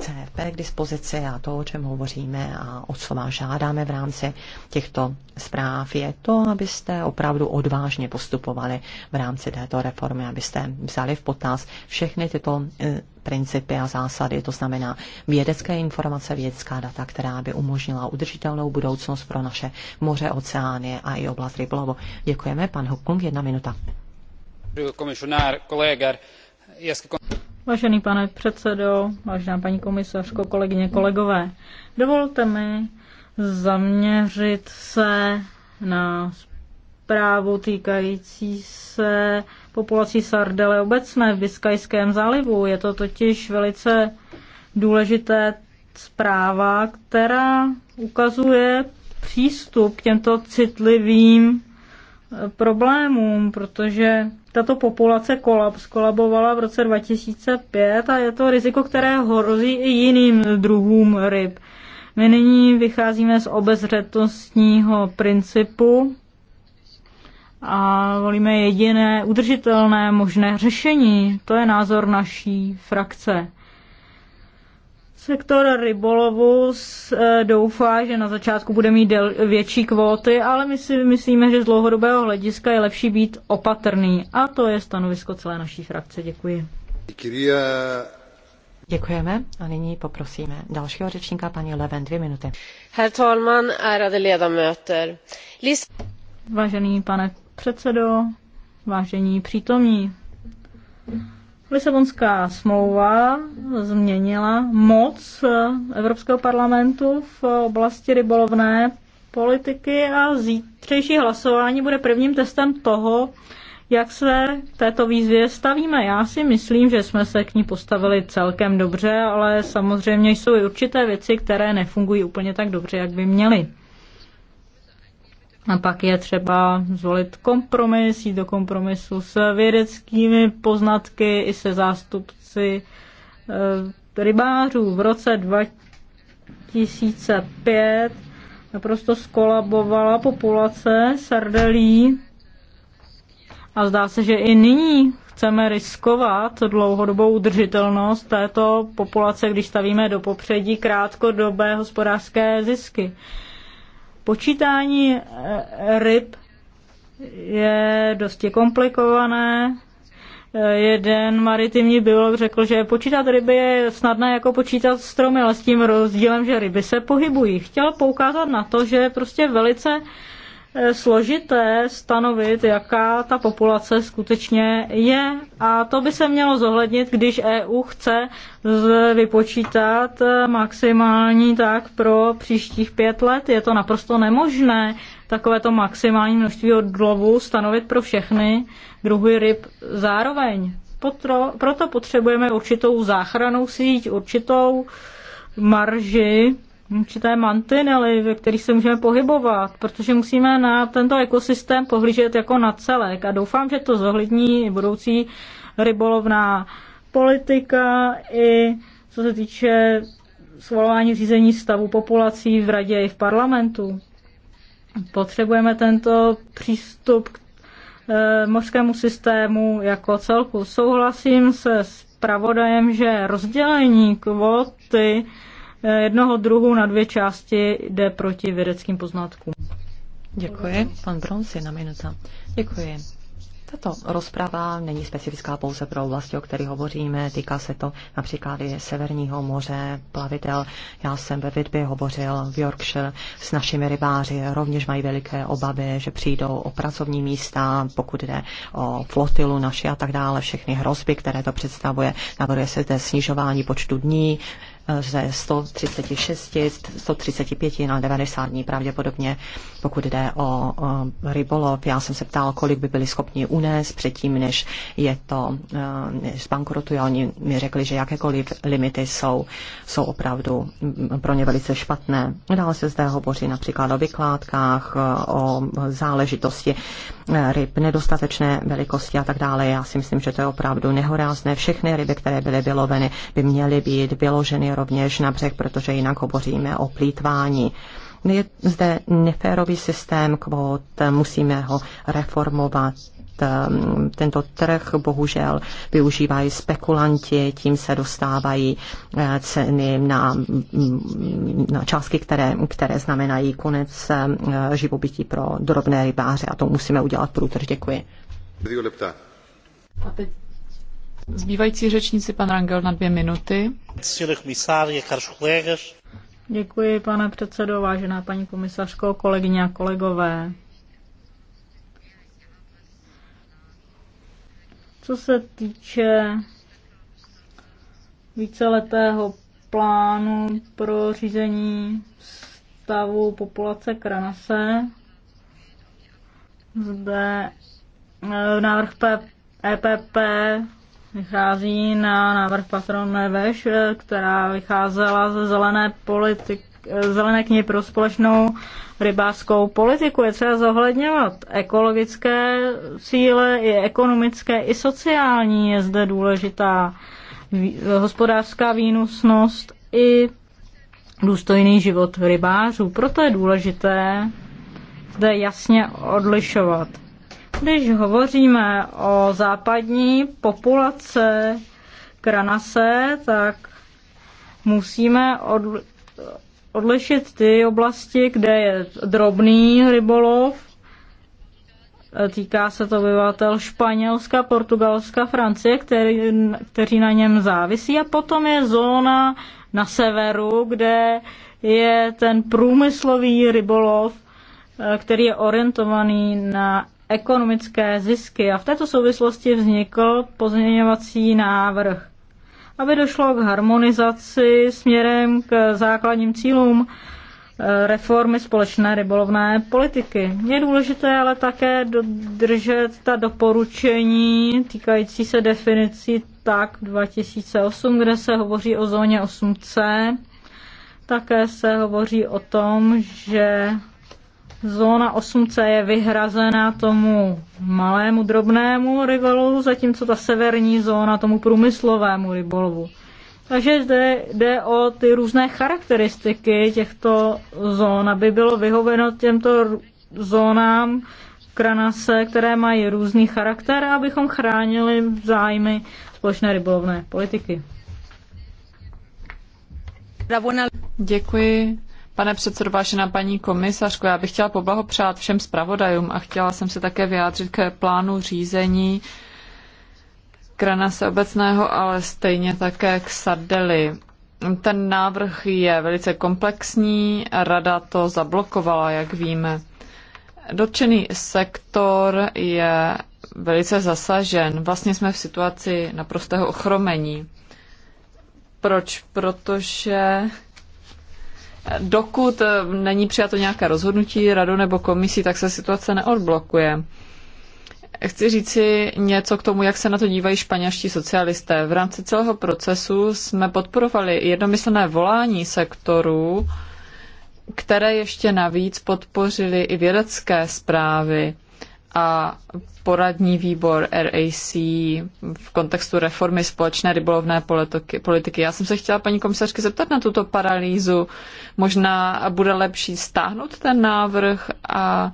CFP k dispozici a to, o čem hovoříme a o co vás žádáme v rámci těchto zpráv, je to, abyste opravdu odvážně postupovali v rámci této reformy, abyste vzali v potaz všechny tyto e, principy a zásady, to znamená vědecké informace, vědecká data, která by umožnila udržitelnou budoucnost pro naše moře, oceány a i oblast rybolovu. Děkujeme, pan Hukung, jedna minuta. Komisionár, kolega, Vážený pane předsedo, vážená paní komisařko, kolegyně, kolegové, dovolte mi zaměřit se na zprávu týkající se populací sardele obecné v Biskajském zálivu. Je to totiž velice důležité zpráva, která ukazuje přístup k těmto citlivým eh, problémům, protože tato populace kolaps, kolabovala v roce 2005 a je to riziko, které hrozí i jiným druhům ryb. My nyní vycházíme z obezřetnostního principu a volíme jediné udržitelné možné řešení. To je názor naší frakce. Sektor rybolovu e, doufá, že na začátku bude mít del, větší kvóty, ale my si myslíme, že z dlouhodobého hlediska je lepší být opatrný. A to je stanovisko celé naší frakce. Děkuji. Děkujeme a nyní poprosíme dalšího řečníka, paní Leven, dvě minuty. Herr talman, leda ledamöter. List... Vážený pane předsedo, vážení přítomní, Lisabonská smlouva změnila moc eh, Evropského parlamentu v oblasti rybolovné politiky a zítřejší hlasování bude prvním testem toho, jak se k této výzvě stavíme. Já si myslím, že jsme se k ní postavili celkem dobře, ale samozřejmě jsou i určité věci, které nefungují úplně tak dobře, jak by měly. A pak je třeba zvolit kompromis, jít do kompromisu s vědeckými poznatky i se zástupci e, rybářů. V roce 2005 naprosto skolabovala populace sardelí a zdá se, že i nyní chceme riskovat dlouhodobou udržitelnost této populace, když stavíme do popředí krátkodobé hospodářské zisky. Počítání eh, ryb je dosti komplikované. Eh, jeden maritimní biolog řekl, že počítat ryby je snadné jako počítat stromy, ale s tím rozdílem, že ryby se pohybují. Chtěl poukázat na to, že je prostě velice Eh, složité stanovit, jaká ta populace skutečně je. A to by se mělo zohlednit, když EU chce vypočítat eh, maximální tak pro příštích pět let. Je to naprosto nemožné takovéto maximální množství odlovu stanovit pro všechny druhy ryb zároveň. Potro, proto potřebujeme určitou záchranou síť, určitou marži určité mantinely, ve kterých se můžeme pohybovat, protože musíme na tento ekosystém pohlížet jako na celek a doufám, že to zohlední i budoucí rybolovná politika i co se týče svolování řízení stavu populací v radě i v parlamentu. Potřebujeme tento přístup k eh, mořskému systému jako celku. Souhlasím se s pravodajem, že rozdělení kvoty jednoho druhu na dvě části jde proti vědeckým poznatkům. Děkuji. Pan Brons, jedna minuta. Děkuji. Tato rozprava není specifická pouze pro oblasti, o které hovoříme. Týká se to například i Severního moře, plavidel. Já jsem ve Vidbě hovořil v Yorkshire s našimi rybáři. Rovněž mají veliké obavy, že přijdou o pracovní místa, pokud jde o flotilu naši a tak dále. Všechny hrozby, které to představuje. Navrhuje se zde snižování počtu dní ze 136, 135 na 90 dní pravděpodobně, pokud jde o rybolov. Já jsem se ptal, kolik by byli schopni unést předtím, než je to eh, zbankrotuje. Oni mi řekli, že jakékoliv limity jsou, jsou opravdu pro ně velice špatné. Dále se zde hovoří například o vykládkách, o záležitosti eh, ryb nedostatečné velikosti a tak dále. Já si myslím, že to je opravdu nehorázné. Všechny ryby, které byly vyloveny, by měly být vyloženy rovněž na břeh, protože jinak hovoříme o plítvání. Je zde neférový systém kvót, musíme ho reformovat. Ehm, tento trh bohužel využívají spekulanti, tím se dostávají eh, ceny na, mm, na částky, které, které znamenají konec eh, živobytí pro drobné rybáře a to musíme udělat průtr. Děkuji. A teď Zbývající řečníci pan Rangel na dvě minuty. Děkuji, pane předsedo, vážená paní komisařko, kolegyně a kolegové. Co se týče víceletého plánu pro řízení stavu populace kranase, zde eh, návrh EPP e vychází na návrh patron Veš, která vycházela ze zelené politik, zelené knihy pro společnou rybářskou politiku. Je třeba zohledňovat ekologické cíle, i ekonomické, i sociální. Je zde důležitá hospodářská výnosnost i důstojný život rybářů. Proto je důležité zde jasně odlišovat. Když hovoříme o západní populace kranase, tak musíme odlišit ty oblasti, kde je drobný rybolov. Týká se to obyvatel Španělska, Portugalska, Francie, který, kteří na něm závisí. A potom je zóna na severu, kde je ten průmyslový rybolov, eh, který je orientovaný na ekonomické zisky. A v této souvislosti vznikl pozměňovací návrh, aby došlo k harmonizaci směrem k základním cílům eh, reformy společné rybolovné politiky. Je důležité ale také dodržet ta doporučení týkající se definicí tak 2008, kde se hovoří o zóně 8C. Také se hovoří o tom, že Zóna 8C je vyhrazena tomu malému drobnému rybolovu, zatímco ta severní zóna tomu průmyslovému rybolovu. Takže zde jde o ty různé charakteristiky těchto zón, aby bylo vyhoveno těmto zónám kranase, které mají různý charakter, abychom chránili zájmy společné rybolovné politiky. Děkuji Pane předsedo, vážená paní komisařko, já bych chtěla poblahopřát všem zpravodajům a chtěla jsem se také vyjádřit k plánu řízení krana obecného, ale stejně také k sardely. Ten návrh je velice komplexní, rada to zablokovala, jak víme. Dotčený sektor je velice zasažen. Vlastně jsme v situaci naprostého ochromení. Proč? Protože dokud eh, není přijato nějaké rozhodnutí radou nebo komisí, tak se situace neodblokuje. Chci říci něco k tomu, jak se na to dívají španělští socialisté. V rámci celého procesu jsme podporovali jednomyslné volání sektorů, které ještě navíc podpořili i vědecké zprávy a poradní výbor RAC v kontextu reformy společné rybolovné politiky. Já jsem se chtěla paní komisařky zeptat na tuto paralýzu. Možná bude lepší stáhnout ten návrh a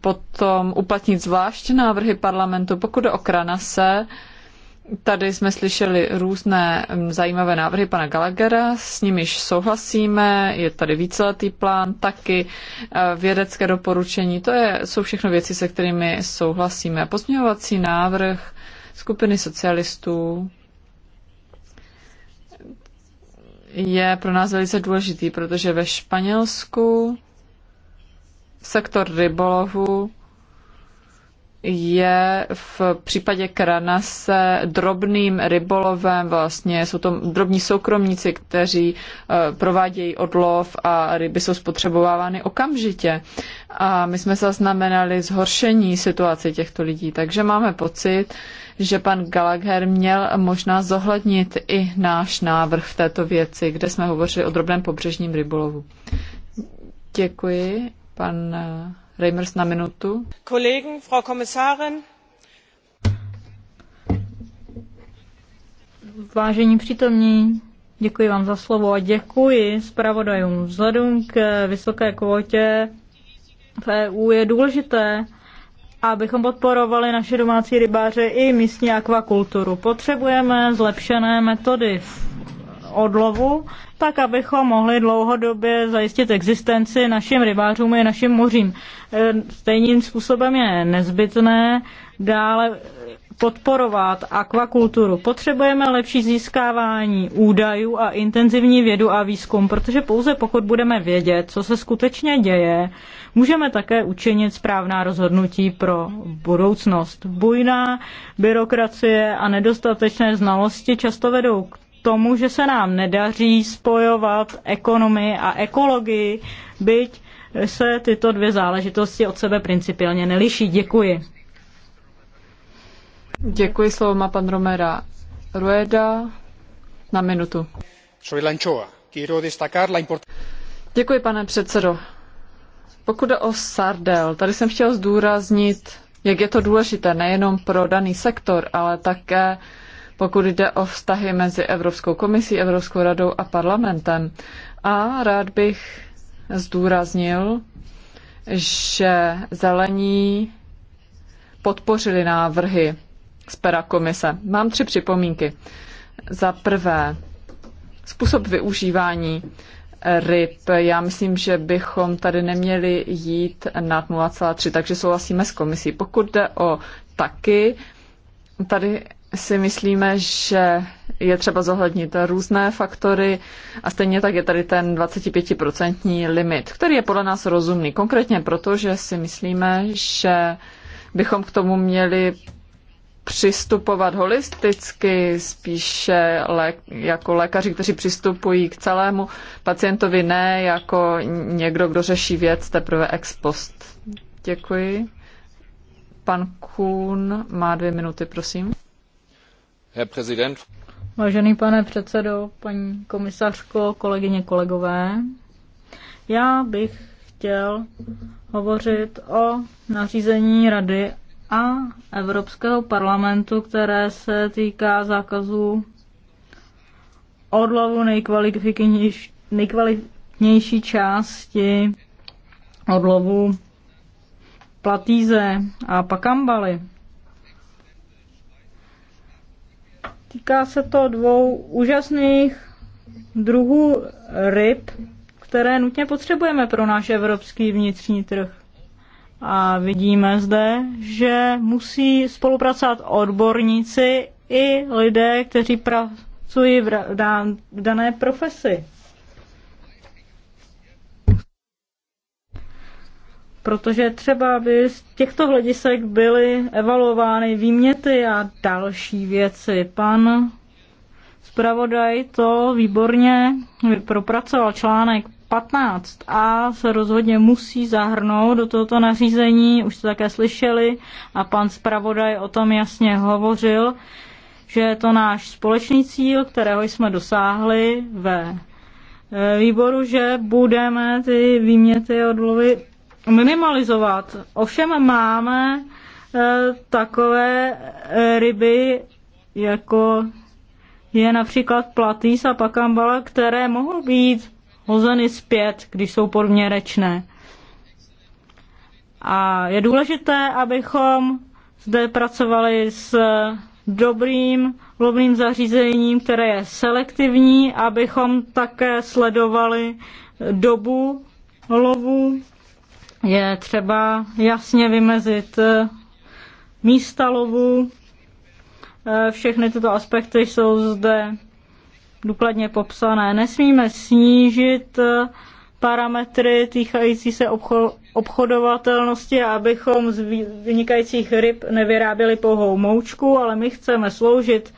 potom uplatnit zvlášť návrhy parlamentu, pokud jde o kranase. se Tady jsme slyšeli různé mm, zajímavé návrhy pana Gallaghera, s nimiž souhlasíme, je tady víceletý plán, taky e, vědecké doporučení, to je, jsou všechno věci, se kterými souhlasíme. Pozměňovací návrh skupiny socialistů je pro nás velice důležitý, protože ve Španělsku sektor rybolovu je v případě Kranase drobným rybolovem, vlastně jsou to drobní soukromníci, kteří eh, provádějí odlov a ryby jsou spotřebovávány okamžitě. A my jsme zaznamenali zhoršení situace těchto lidí, takže máme pocit, že pan Gallagher měl možná zohlednit i náš návrh v této věci, kde jsme hovořili o drobném pobřežním rybolovu. Děkuji, pan eh, Reimers na minutu. Kollegen, Frau Kommissarin. Vážení přítomní, děkuji vám za slovo a děkuji zpravodajům. Vzhledem k vysoké kvotě v EU je důležité, abychom podporovali naše domácí rybáře i místní akvakulturu. Potřebujeme zlepšené metody odlovu, tak abychom mohli dlouhodobě zajistit existenci našim rybářům i našim mořím. E, stejným způsobem je nezbytné dále podporovat akvakulturu. Potřebujeme lepší získávání údajů a intenzivní vědu a výzkum, protože pouze pokud budeme vědět, co se skutečně děje, můžeme také učinit správná rozhodnutí pro budoucnost. Bujná byrokracie a nedostatečné znalosti často vedou k tomu, že se nám nedaří spojovat ekonomii a ekologii, byť se tyto dvě záležitosti od sebe principiálně neliší. Děkuji. Děkuji, slovo má pan Romera Rueda na minutu. Děkuji, pane předsedo. Pokud jde o sardel, tady jsem chtěl zdůraznit, jak je to důležité nejenom pro daný sektor, ale také pokud jde o vztahy mezi Evropskou komisí, Evropskou radou a parlamentem. A rád bych zdůraznil, že zelení podpořili návrhy z pera komise. Mám tři připomínky. Za prvé, způsob využívání ryb. Já myslím, že bychom tady neměli jít nad 0,3, takže souhlasíme s komisí. Pokud jde o taky, tady si myslíme, že je třeba zohlednit různé faktory a stejně tak je tady ten 25% limit, který je podle nás rozumný. Konkrétně proto, že si myslíme, že bychom k tomu měli přistupovat holisticky, spíše jako lékaři, kteří přistupují k celému pacientovi, ne jako někdo, kdo řeší věc teprve ex post. Děkuji. Pan Kuhn má dvě minuty, prosím. Vážený pane předsedo, paní komisařko, kolegyně, kolegové, já bych chtěl hovořit o nařízení Rady a Evropského parlamentu, které se týká zákazu odlovu nejkvalitnější, nejkvalitnější části odlovu platíze a pakambaly. Týká se to dvou úžasných druhů ryb, které nutně potřebujeme pro náš evropský vnitřní trh. A vidíme zde, že musí spolupracovat odborníci i lidé, kteří pracují v dané profesi. protože třeba by z těchto hledisek byly evaluovány výměty a další věci. Pan zpravodaj to výborně propracoval článek 15 a se rozhodně musí zahrnout do tohoto nařízení, už jste také slyšeli a pan zpravodaj o tom jasně hovořil, že je to náš společný cíl, kterého jsme dosáhli ve výboru, že budeme ty výměty odlovy minimalizovat. Ovšem máme eh, takové eh, ryby, jako je například platýs a pakambala, které mohou být hozeny zpět, když jsou podměrečné. A je důležité, abychom zde pracovali s dobrým lovným zařízením, které je selektivní, abychom také sledovali dobu lovu je třeba jasně vymezit eh, místa lovu. Eh, všechny tyto aspekty jsou zde důkladně popsané. Nesmíme snížit eh, parametry týkající se obchodovatelnosti, abychom z vynikajících ryb nevyráběli pouhou moučku, ale my chceme sloužit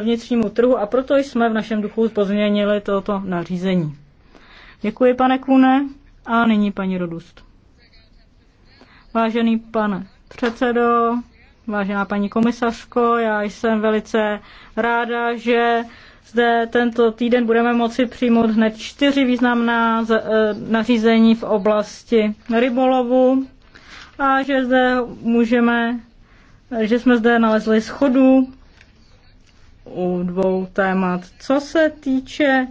vnitřnímu trhu a proto jsme v našem duchu pozměnili toto nařízení. Děkuji, pane Kune, a nyní paní Rodust. Vážený pane, předsedo, vážená paní komisařko, já jsem velice ráda, že zde tento týden budeme moci přijmout hned čtyři významná e, nařízení v oblasti rybolovu a že zde můžeme, že jsme zde nalezli schodu u dvou témat. Co se týče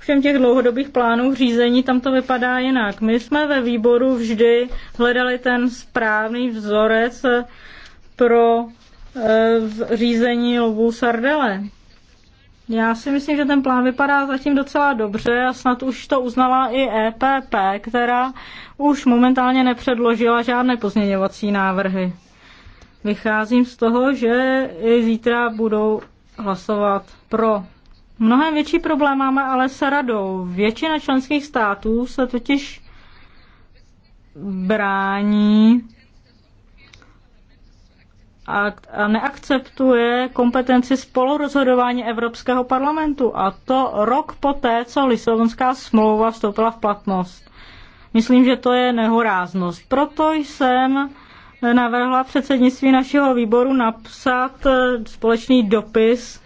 Všem těch dlouhodobých plánů v řízení tam to vypadá jinak. My jsme ve výboru vždy hledali ten správný vzorec eh, pro eh, řízení lovů sardele. Já si myslím, že ten plán vypadá zatím docela dobře a snad už to uznala i EPP, která už momentálně nepředložila žádné pozměňovací návrhy. Vycházím z toho, že i zítra budou hlasovat pro Mnohem větší problém máme ale s radou. Většina členských států se totiž brání a neakceptuje kompetenci spolurozhodování Evropského parlamentu a to rok poté, co Lisabonská smlouva vstoupila v platnost. Myslím, že to je nehoráznost. Proto jsem navrhla předsednictví našeho výboru napsat eh, společný dopis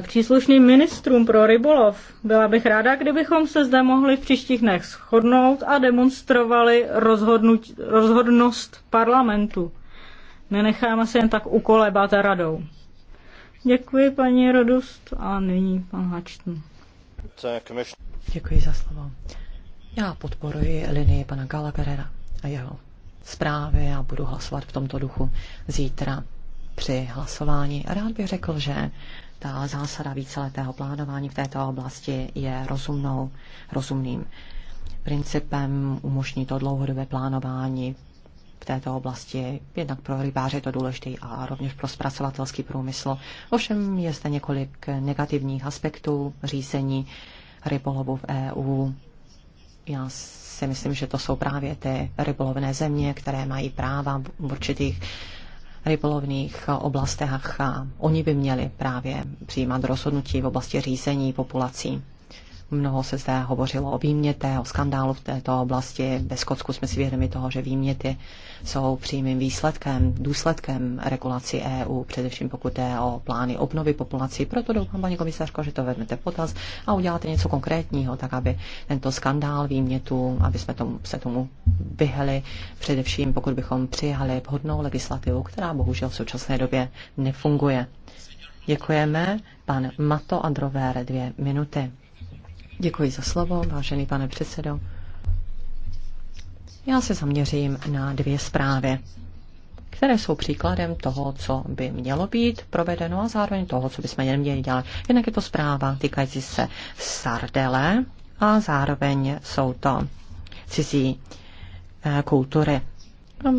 příslušným ministrům pro rybolov. Byla bych ráda, kdybychom se zde mohli v příštích dnech shodnout a demonstrovali rozhodnost parlamentu. Nenecháme se jen tak ukolebat radou. Děkuji paní Rodust a nyní pan Hačtn. Děkuji za slovo. Já podporuji linii pana Gallagherera a jeho zprávy a budu hlasovat v tomto duchu zítra při hlasování. Rád bych řekl, že ta zásada víceletého plánování v této oblasti je rozumnou, rozumným principem, umožní to dlouhodobé plánování v této oblasti. Jednak pro rybáře je to důležité, a rovněž pro zpracovatelský průmysl. Ovšem je zde několik negativních aspektů řízení rybolovu v EU. Já si myslím, že to jsou právě ty rybolovné země, které mají práva v určitých rybolovných oblastech a oni by měli právě přijímat rozhodnutí v oblasti řízení populací. Mnoho se zde hovořilo o výmětě, o skandálu v této oblasti. Ve Skotsku jsme si vědomi toho, že výměty jsou přímým výsledkem, důsledkem regulaci EU, především pokud je o plány obnovy populací. Proto doufám, paní komisařko, že to vezmete potaz a uděláte něco konkrétního, tak aby tento skandál výmětu, aby jsme tomu, se tomu vyhli, především pokud bychom přijali vhodnou legislativu, která bohužel v současné době nefunguje. Děkujeme. Pan Mato Androvére dvě minuty. Děkuji za slovo, vážený pane předsedo. Já se zaměřím na dvě zprávy, které jsou příkladem toho, co by mělo být provedeno a zároveň toho, co bychom neměli dělat. Jednak je to zpráva týkající se sardele a zároveň jsou to cizí eh, kultury.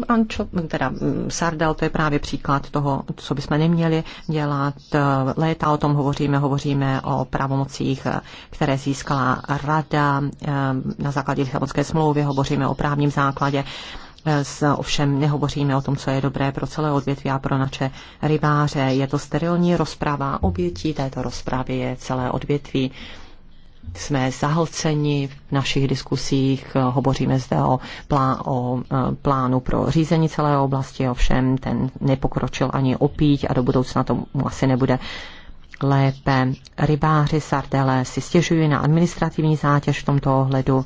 Ančo, teda mm, sardel, to je právě příklad toho, co bychom neměli dělat. Léta o tom hovoříme, hovoříme o pravomocích, eh, které získala rada eh, na základě Lisabonské smlouvy, hovoříme o právním základě. Eh, ovšem nehovoříme o tom, co je dobré pro celé odvětví a pro naše rybáře. Je to sterilní rozprava. Obětí této rozpravy je celé odvětví jsme zahlceni v našich diskusích, hovoříme zde o, plá, o e, plánu pro řízení celé oblasti, ovšem ten nepokročil ani opíť a do budoucna tomu asi nebude lépe. Rybáři sardele si stěžují na administrativní zátěž v tomto ohledu.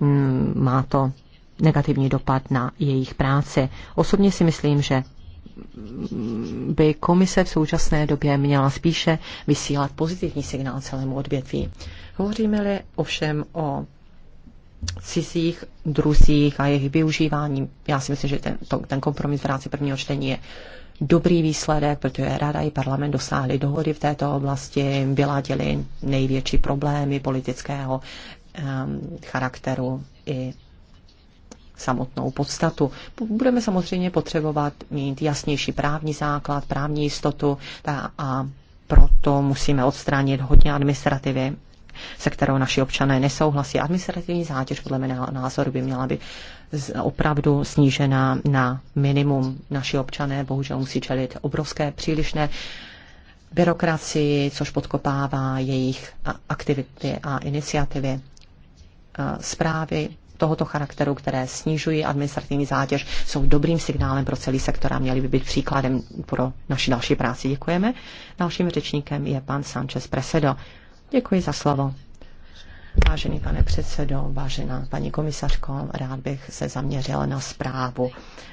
Mm, má to negativní dopad na jejich práci. Osobně si myslím, že by komise v současné době měla spíše vysílat pozitivní signál celému odvětví. Hovoříme-li ovšem o cizích druzích a jejich využívání. Já si myslím, že ten, to, ten kompromis v rámci prvního čtení je dobrý výsledek, protože Rada i parlament dosáhli dohody v této oblasti, vyladili největší problémy politického um, charakteru i samotnou podstatu. Budeme samozřejmě potřebovat mít jasnější právní základ, právní jistotu a proto musíme odstranit hodně administrativy se kterou naši občané nesouhlasí. Administrativní zátěž podle mého názoru by měla být opravdu snížena na minimum. Naši občané bohužel musí čelit obrovské přílišné byrokracii, což podkopává jejich aktivity a iniciativy. Zprávy tohoto charakteru, které snižují administrativní zátěž, jsou dobrým signálem pro celý sektor a měly by být příkladem pro naši další práci. Děkujeme. Dalším řečníkem je pan Sanchez Presedo. Děkuji za slovo. Vážený pane předsedo, vážená paní komisařko, rád bych se zaměřil na zprávu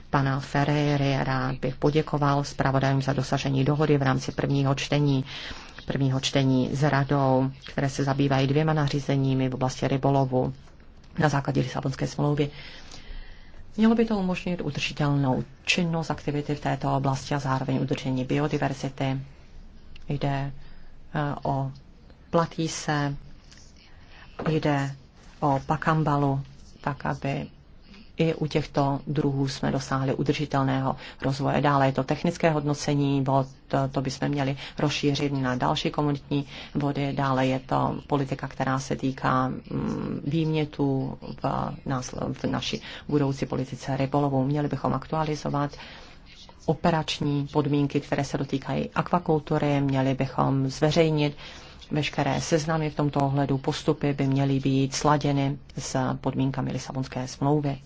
pana Ferreira. Rád bych poděkoval zpravodajům za dosažení dohody v rámci prvního čtení prvního čtení s radou, které se zabývají dvěma nařízeními v oblasti rybolovu na základě Lisabonské smlouvy. Mělo by to umožnit udržitelnou činnost aktivity v této oblasti a zároveň udržení biodiverzity. Jde eh, o platí se, jde o pakambalu, tak aby i u těchto druhů jsme dosáhli udržitelného rozvoje. Dále je to technické hodnocení vod, to bychom měli rozšířit na další komunitní vody. Dále je to politika, která se týká mm, výmětu v, v naší budoucí politice rybolovou. Měli bychom aktualizovat operační podmínky, které se dotýkají akvakultury. Měli bychom zveřejnit veškeré seznamy v tomto ohledu, postupy by měly být sladěny s podmínkami Lisabonské smlouvy.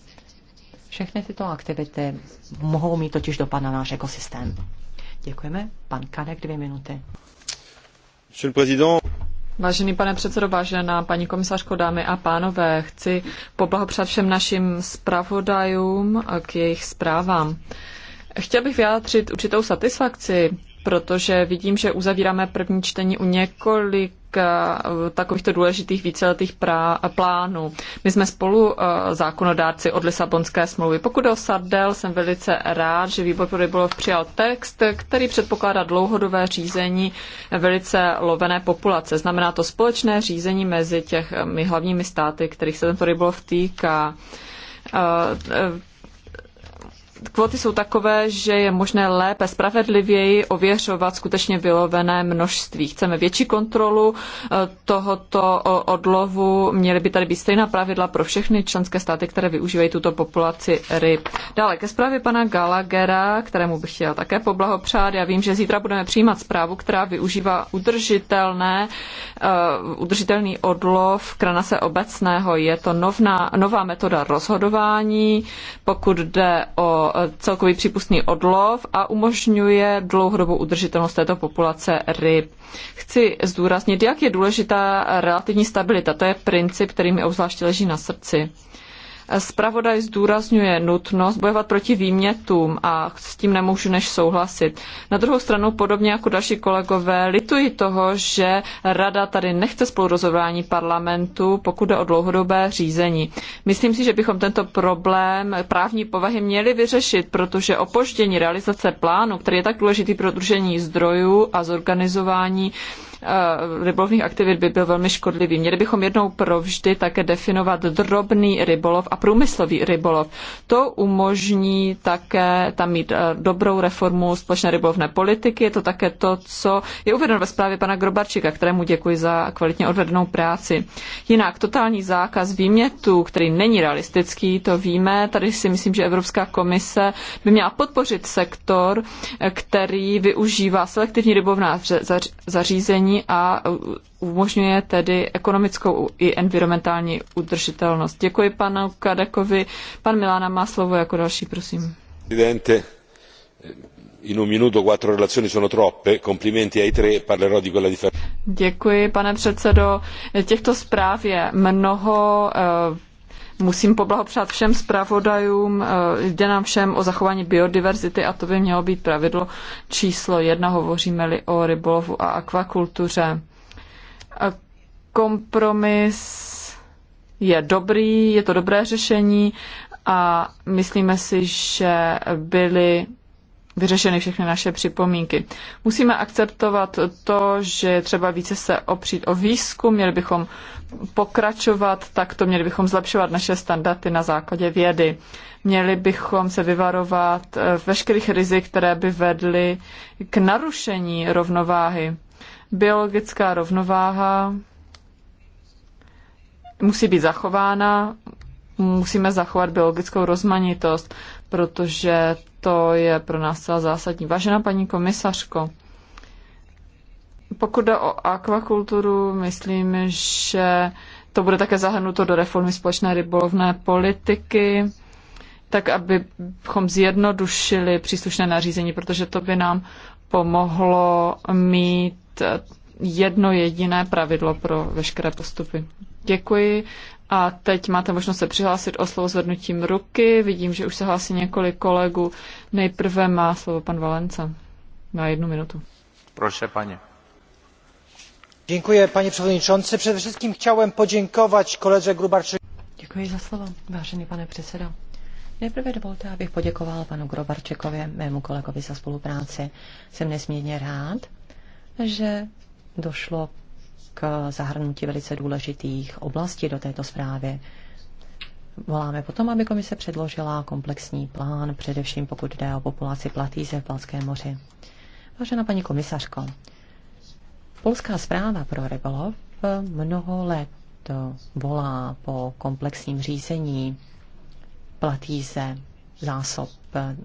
Všechny tyto aktivity mohou mít totiž dopad na náš ekosystém. Děkujeme. Pan Kadek, dvě minuty. Vážený pane předsedo, vážená paní komisařko, dámy a pánové, chci poblahopřát všem našim zpravodajům k jejich zprávám. Chtěl bych vyjádřit určitou satisfakci, protože vidím, že uzavíráme první čtení u několik Eh, takovýchto důležitých víceletých prá, eh, plánů. My jsme spolu eh, zákonodárci od Lisabonské smlouvy. Pokud o Sardel, jsem velice rád, že výbor pro rybolov přijal text, který předpokládá dlouhodobé řízení velice lovené populace. Znamená to společné řízení mezi těmi hlavními státy, kterých se tento rybolov týká Kvóty jsou takové, že je možné lépe, spravedlivěji ověřovat skutečně vylovené množství. Chceme větší kontrolu eh, tohoto odlovu. Měly by tady být stejná pravidla pro všechny členské státy, které využívají tuto populaci ryb. Dále ke zprávě pana Gallaghera, kterému bych chtěl také poblahopřát. Já vím, že zítra budeme přijímat zprávu, která využívá udržitelné, eh, udržitelný odlov kranase obecného. Je to novná, nová metoda rozhodování, pokud jde o celkový přípustný odlov a umožňuje dlouhodobou udržitelnost této populace ryb. Chci zdůraznit, jak je důležitá relativní stabilita. To je princip, který mi obzvláště leží na srdci. Spravodaj zdůrazňuje nutnost bojovat proti výmětům a s tím nemůžu než souhlasit. Na druhou stranu, podobně jako další kolegové, lituji toho, že Rada tady nechce spolurozhodování parlamentu, pokud jde o dlouhodobé řízení. Myslím si, že bychom tento problém právní povahy měli vyřešit, protože opoždění realizace plánu, který je tak důležitý pro udržení zdrojů a zorganizování rybolovných aktivit by byl velmi škodlivý. Měli bychom jednou provždy také definovat drobný rybolov a průmyslový rybolov. To umožní také tam mít e, dobrou reformu společné rybolovné politiky. Je to také to, co je uvedeno ve zprávě pana Grobarčíka, kterému děkuji za kvalitně odvedenou práci. Jinak totální zákaz výmětu, který není realistický, to víme. Tady si myslím, že Evropská komise by měla podpořit sektor, e, který využívá selektivní rybovná zařízení a umožňuje tedy ekonomickou i environmentální udržitelnost. Děkuji panu Kadekovi. Pan Milána má slovo jako další, prosím. Presidente, in un minuto quattro relazioni sono troppe. Complimenti ai tre, parlerò di quella di Děkuji, pane předsedo. Těchto zpráv je mnoho, eh, Musím poblahopřát všem zpravodajům, eh, jde nám všem o zachování biodiverzity a to by mělo být pravidlo číslo jedna, hovoříme-li o rybolovu a akvakultuře. Eh, kompromis je dobrý, je to dobré řešení a myslíme si, že byly vyřešeny všechny naše připomínky. Musíme akceptovat to, že třeba více se opřít o výzkum, měli bychom pokračovat, tak měli bychom zlepšovat naše standardy na základě vědy. Měli bychom se vyvarovat eh, veškerých rizik, které by vedly k narušení rovnováhy. Biologická rovnováha musí být zachována, musíme zachovat biologickou rozmanitost, protože to je pro nás celá zásadní. Vážená paní komisařko, pokud jde o akvakulturu, myslím, že to bude také zahrnuto do reformy společné rybolovné politiky, tak abychom zjednodušili příslušné nařízení, protože to by nám pomohlo mít jedno jediné pravidlo pro veškeré postupy. Děkuji. A teď máte možnost se přihlásit o slovo zvednutím ruky. Vidím, že už se hlásí několik kolegů. Nejprve má slovo pan Valenca. Na jednu minutu. Proše, paně panie przewodniczący! przede wszystkim chciałem podziękować koledze gróbarczykowi. vážený pane předsedo nejprve dovolte abych poděkoval panu gróbarczykovi mému kolegovi za spolupráci. jsem nesmírně rád že došlo k zahrnutí velice důležitých oblastí do této zprávy. Voláme potom, aby komise předložila komplexní plán, především pokud jde o populaci platýze v Balském moři. Vážená paní komisařko, Polská zpráva pro rybolov eh, mnoho let volá po komplexním řízení, platí se zásob eh,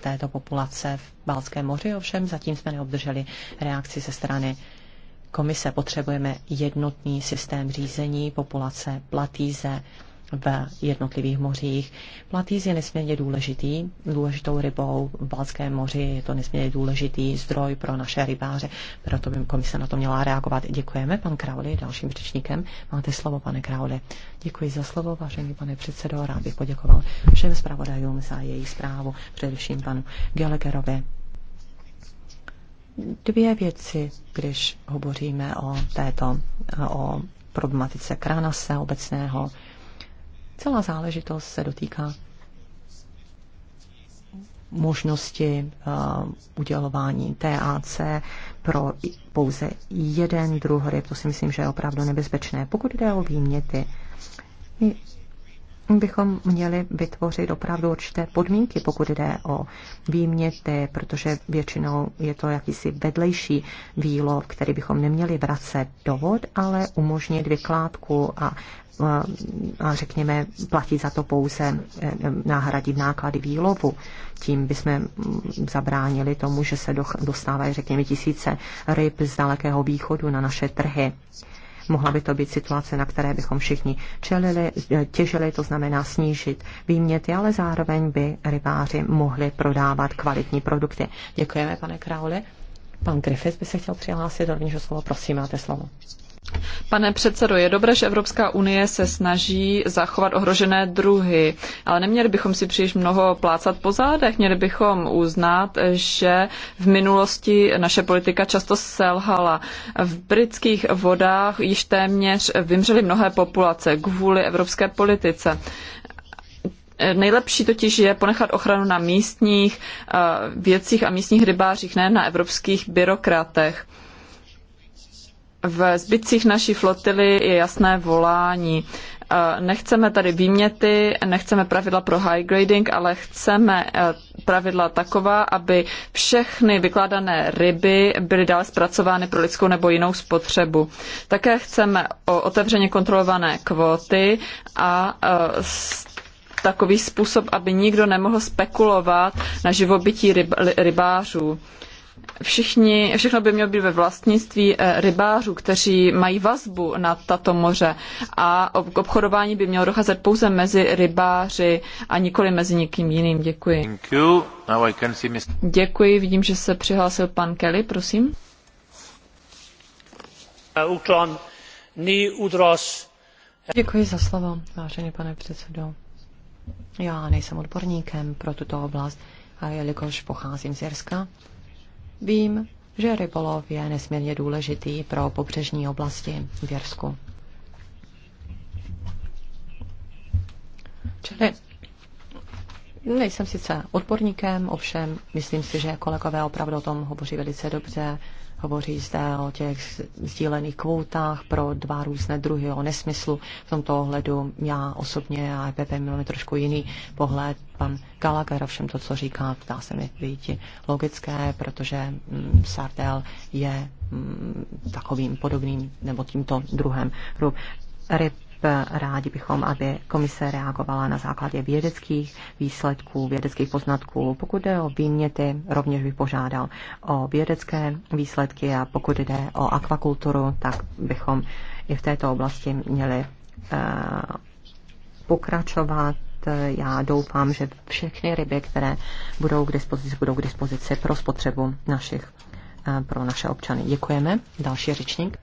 této populace v balském moři, ovšem zatím jsme neobdrželi reakci ze strany komise. Potřebujeme jednotný systém řízení populace platíze v jednotlivých mořích. Platýz je nesmírně důležitý, důležitou rybou v Balském moři, je to nesmírně důležitý zdroj pro naše rybáře, proto by komise na to měla reagovat. Děkujeme, pan Krauli, dalším řečníkem. Máte slovo, pane Krauli. Děkuji za slovo, vážený pane předsedo, rád bych poděkoval všem zpravodajům za její zprávu, především panu Gallagherovi. Dvě věci, když hovoříme o této, o problematice kránase obecného Celá záležitost se dotýká možnosti uh, udělování TAC pro pouze jeden druh ryb. To si myslím, že je opravdu nebezpečné. Pokud jde o výměty, my bychom měli vytvořit opravdu určité podmínky, pokud jde o výměty, protože většinou je to jakýsi vedlejší výlov, který bychom neměli vracet do vod, ale umožnit vykládku a a řekněme, platit za to pouze eh, náhradit náklady výlovu. Tím bychom zabránili tomu, že se dostávají, řekněme, tisíce ryb z dalekého východu na naše trhy. Mohla by to být situace, na které bychom všichni čelili, těžili, to znamená snížit výměty, ale zároveň by rybáři mohli prodávat kvalitní produkty. Děkujeme, pane králi. Pan Griffith by se chtěl přihlásit, rovněž slovo, prosím, máte slovo. Pane předsedo, je dobré, že Evropská unie se snaží zachovat ohrožené druhy, ale neměli bychom si příliš mnoho plácat po zádech. Měli bychom uznat, že v minulosti naše politika často selhala. V britských vodách již téměř vymřely mnohé populace kvůli evropské politice. Nejlepší totiž je ponechat ochranu na místních eh, vědcích a místních rybářích, ne na evropských byrokratech. V zbytcích naší flotily je jasné volání. Eh, nechceme tady výměty, nechceme pravidla pro high grading, ale chceme eh, pravidla taková, aby všechny vykládané ryby byly dále zpracovány pro lidskou nebo jinou spotřebu. Také chceme otevřeně kontrolované kvóty a eh, takový způsob, aby nikdo nemohl spekulovat na živobytí ryb, rybářů všichni, všechno by mělo být ve vlastnictví eh, rybářů, kteří mají vazbu na tato moře a k obchodování by mělo docházet pouze mezi rybáři a nikoli mezi nikým jiným. Děkuji. Děkuji, vidím, že se přihlásil pan Kelly, prosím. Děkuji za slovo, vážený pane předsedo. Já nejsem odborníkem pro tuto oblast, a jelikož pocházím z Jirska, Vím, že rybolov je nesmírně důležitý pro pobřežní oblasti v Jersku. Čili nejsem sice odborníkem, ovšem myslím si, že kolegové opravdu o tom hovoří velice dobře. Hovoří zde o těch sdílených kvótách pro dva různé druhy, o nesmyslu. V tomto ohledu já osobně a EPP máme trošku jiný pohled. Pan Gallagher ovšem to, co říká, dá se mi být logické, protože mm, Sardel je mm, takovým podobným nebo tímto druhem ryb Eh, rádi bychom, aby komise reagovala na základě vědeckých výsledků, vědeckých poznatků. Pokud jde o výměty, rovněž bych požádal o vědecké výsledky a pokud jde o akvakulturu, tak bychom i v této oblasti měli eh, pokračovat. Já doufám, že všechny ryby, které budou k dispozici, budou k dispozici pro spotřebu našich, eh, pro naše občany. Děkujeme. Další řečník.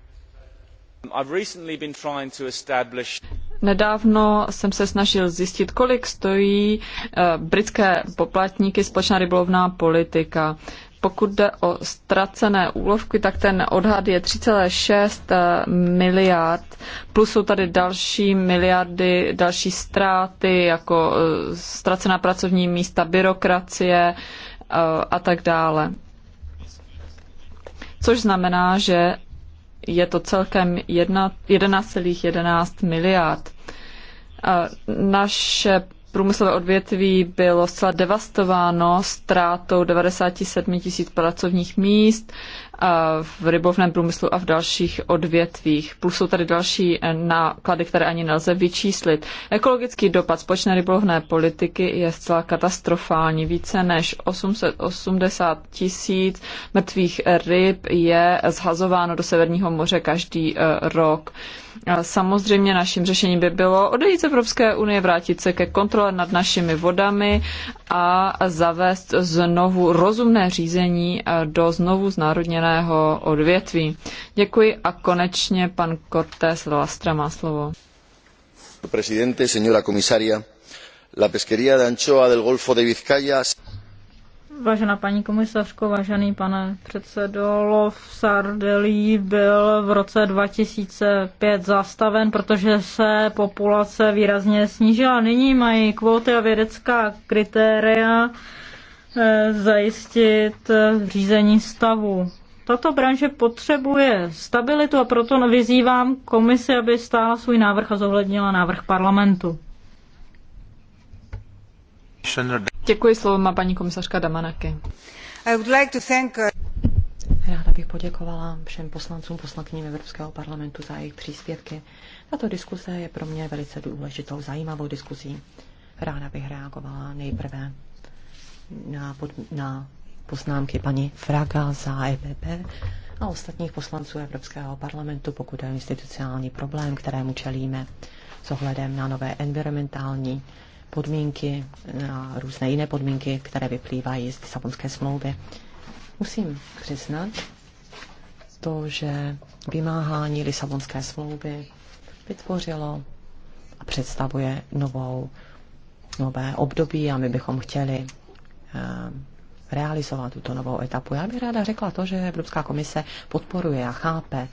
Nedávno jsem se snažil zjistit, kolik stojí eh, britské poplatníky společná rybolovná politika. Pokud jde o ztracené úlovky, tak ten odhad je 3,6 eh, miliard, plus jsou tady další miliardy, další ztráty, jako eh, ztracená pracovní místa, byrokracie a tak dále. Což znamená, že je to celkem 11,11 miliard. Naše průmyslové odvětví bylo zcela devastováno ztrátou 97 tisíc pracovních míst, v rybovném průmyslu a v dalších odvětvích. Plus jsou tady další eh, náklady, které ani nelze vyčíslit. Ekologický dopad společné rybovné politiky je zcela katastrofální. Více než 880 tisíc mrtvých ryb je zhazováno do Severního moře každý eh, rok. Samozřejmě naším řešením by bylo odejít z Evropské unie, vrátit se ke kontrole nad našimi vodami a zavést znovu rozumné řízení eh, do znovu znárodněné daného odvětví. Děkuji a konečně pan Cortés Lastra má slovo. Presidente, señora komisaria, la pesquería de anchoa del Golfo de Vizcaya... Vážená paní komisařko, vážený pane předsedo, lov sardelí byl v roce 2005 zastaven, protože se populace výrazně snížila. Nyní mají kvóty a vědecká kritéria eh, zajistit eh, řízení stavu. Tato branže potřebuje stabilitu a proto vyzývám komisi, aby stála svůj návrh a zohlednila návrh parlamentu. Děkuji, slovo má paní komisařka Damanaky. Uh, Ráda bych poděkovala všem poslancům, poslankyním Evropského parlamentu za jejich příspěvky. Tato diskuse je pro mě velice důležitou, zajímavou diskuzí. Ráda bych reagovala nejprve na, pod, na poznámky paní Fraga za EPP a ostatních poslanců Evropského parlamentu, pokud je institucionální problém, kterému čelíme s ohledem na nové environmentální podmínky a různé jiné podmínky, které vyplývají z Lisabonské smlouvy. Musím přiznat to, že vymáhání Lisabonské smlouvy vytvořilo a představuje novou, nové období a my bychom chtěli eh, realizovat tuto novou etapu. Já bych ráda řekla to, že Evropská komise podporuje a chápe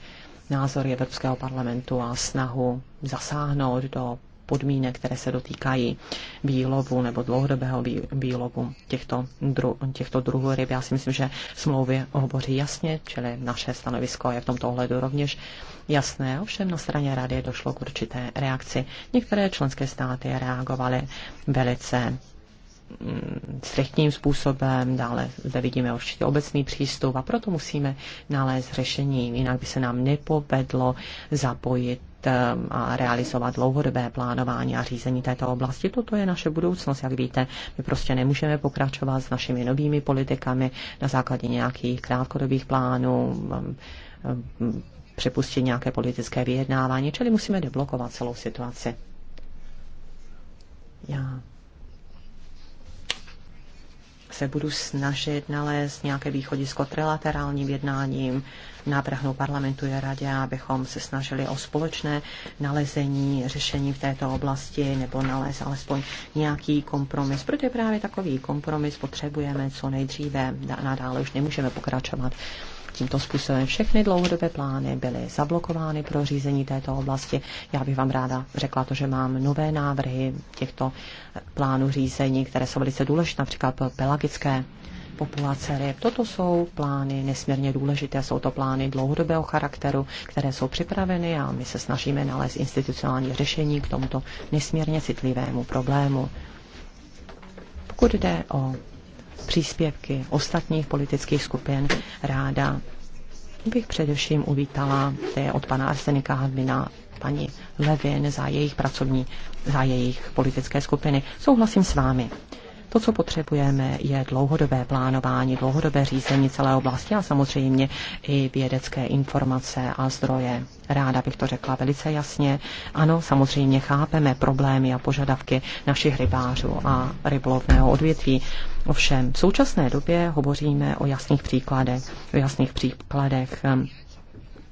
názory Evropského parlamentu a snahu zasáhnout do podmínek, které se dotýkají výlovu nebo dlouhodobého výlovu těchto, dru, těchto druhů ryb. Já si myslím, že smlouvy hovoří jasně, čili naše stanovisko je v tomto ohledu rovněž jasné. Ovšem na straně rady došlo k určité reakci. Některé členské státy reagovaly velice Mm, striktním způsobem, dále zde vidíme určitě obecný přístup a proto musíme nalézt řešení, jinak by se nám nepovedlo zapojit ehm, a realizovat dlouhodobé plánování a řízení této oblasti. Toto je naše budoucnost, jak víte. My prostě nemůžeme pokračovat s našimi novými politikami na základě nějakých krátkodobých plánů, ehm, ehm, připustit nějaké politické vyjednávání, čili musíme deblokovat celou situaci. Já se budu snažit nalézt nějaké východisko trilaterálním jednáním, prahnu parlamentu a radě, abychom se snažili o společné nalezení řešení v této oblasti nebo nalézt alespoň nějaký kompromis, protože právě takový kompromis potřebujeme co nejdříve, nadále už nemůžeme pokračovat tímto způsobem všechny dlouhodobé plány byly zablokovány pro řízení této oblasti. Já bych vám ráda řekla to, že mám nové návrhy těchto plánů řízení, které jsou velice důležité, například pro pelagické populace ryb. Toto jsou plány nesmírně důležité, jsou to plány dlouhodobého charakteru, které jsou připraveny a my se snažíme nalézt institucionální řešení k tomuto nesmírně citlivému problému. Pokud jde o příspěvky ostatních politických skupin ráda bych především uvítala té od pana Arsenika Hadmina, paní Levin za jejich pracovní, za jejich politické skupiny. Souhlasím s vámi, to, co potřebujeme, je dlouhodobé plánování, dlouhodobé řízení celé oblasti a samozřejmě i vědecké informace a zdroje. Ráda bych to řekla velice jasně. Ano, samozřejmě chápeme problémy a požadavky našich rybářů a rybolovného odvětví. Ovšem, v současné době hovoříme o jasných příkladech, o jasných příkladech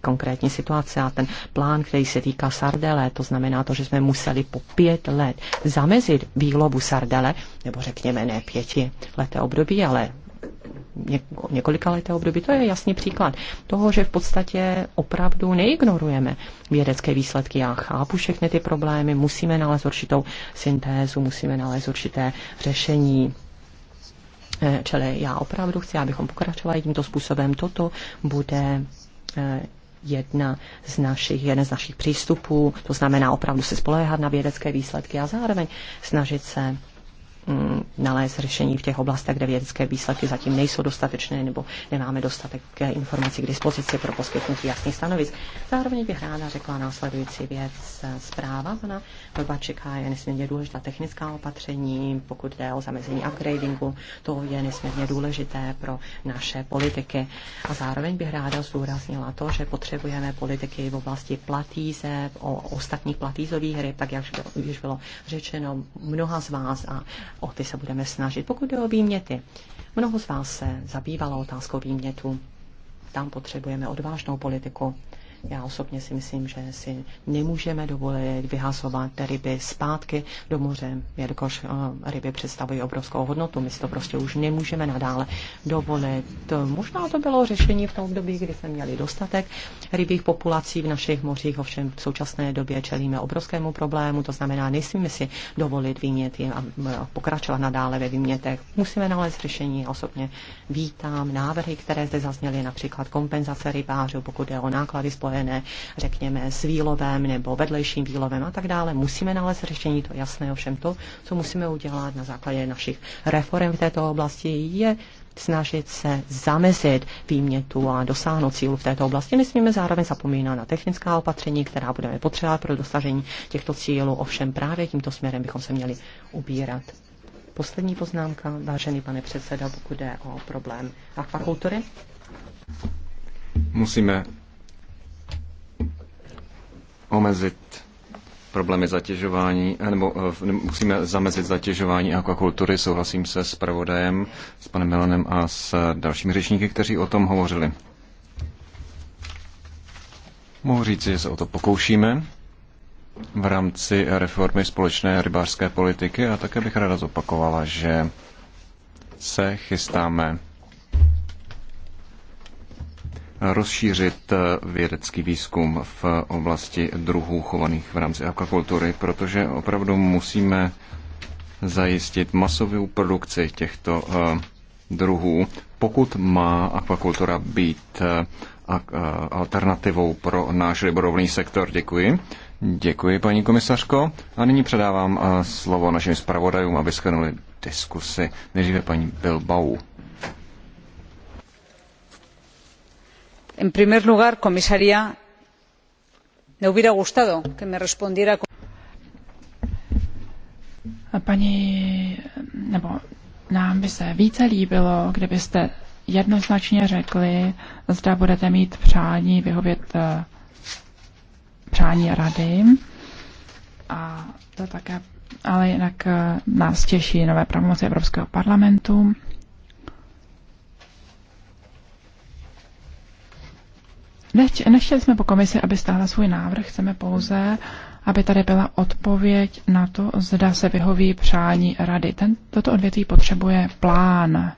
konkrétní situace a ten plán, který se týká sardele, to znamená to, že jsme museli po pět let zamezit výlobu sardele, nebo řekněme ne pěti leté období, ale několika leté období. To je jasný příklad toho, že v podstatě opravdu neignorujeme vědecké výsledky. Já chápu všechny ty problémy, musíme nalézt určitou syntézu, musíme nalézt určité řešení. Eh, čili já opravdu chci, abychom pokračovali tímto způsobem. Toto bude eh, jedna z našich, jeden z našich přístupů, to znamená opravdu se spoléhat na vědecké výsledky a zároveň snažit se Mm, nalézt řešení v těch oblastech, kde vědecké výsledky zatím nejsou dostatečné nebo nemáme dostatek eh, informací k dispozici pro poskytnutí jasných stanovisk. Zároveň bych ráda řekla následující věc. Eh, zpráva pana čeká. je nesmírně důležitá technická opatření, pokud jde o zamezení upgradingu, to je nesmírně důležité pro naše politiky. A zároveň bych ráda zdůraznila to, že potřebujeme politiky v oblasti platíze, o ostatních platízových hry, tak jak už bylo řečeno mnoha z vás a o ty se budeme snažit. Pokud jde o výměty, mnoho z vás se zabývalo otázkou výmětu. Tam potřebujeme odvážnou politiku já osobně si myslím, že si nemůžeme dovolit vyhazovat ryby zpátky do moře, jelikož eh, ryby představují obrovskou hodnotu. My si to prostě už nemůžeme nadále dovolit. Možná to bylo řešení v tom období, kdy jsme měli dostatek rybích populací v našich mořích, ovšem v současné době čelíme obrovskému problému, to znamená, nesmíme si dovolit výměty a pokračovat nadále ve výmětech. Musíme nalézt řešení. Osobně vítám návrhy, které zde zazněly, například kompenzace rybářů, pokud je o náklady spojené spojené, řekněme, s výlovem nebo vedlejším výlovem a tak dále. Musíme nalézt řešení, to jasné, ovšem to, co musíme udělat na základě našich reform v této oblasti, je snažit se zamezit výmětu a dosáhnout cílu v této oblasti. Nesmíme zároveň zapomínat na technická opatření, která budeme potřebovat pro dosažení těchto cílů. Ovšem právě tímto směrem bychom se měli ubírat. Poslední poznámka, vážený pane předseda, pokud jde o problém akvakultury. Musíme omezit problémy zatěžování, eh, eh, nebo musíme zamezit zatěžování akvakultury. Souhlasím se s pravodajem, s panem Milanem a s eh, dalšími řečníky, kteří o tom hovořili. Mohu říct, že se o to pokoušíme v rámci reformy společné rybářské politiky a také bych ráda zopakovala, že se chystáme rozšířit eh, vědecký výzkum v oblasti druhů chovaných v rámci akvakultury, protože opravdu musíme zajistit masovou produkci těchto eh, druhů, pokud má akvakultura být eh, alternativou pro náš rybolovný sektor. Děkuji. Děkuji, paní komisařko. A nyní předávám slovo našim zpravodajům, aby schrnuli diskusy. Nejdříve paní Bilbao. en primer lugar comisaria me hubiera gustado que me respondiera nám by se více líbilo, kdybyste jednoznačně řekli, zda budete mít přání vyhovět eh, přání rady. A to také, ale jinak eh, nás těší nové pravomoci Evropského parlamentu. Neč, nechtěli jsme po komisi, aby stála svůj návrh, chceme pouze, aby tady byla odpověď na to, zda se vyhoví přání rady. Ten, toto odvětví potřebuje plán.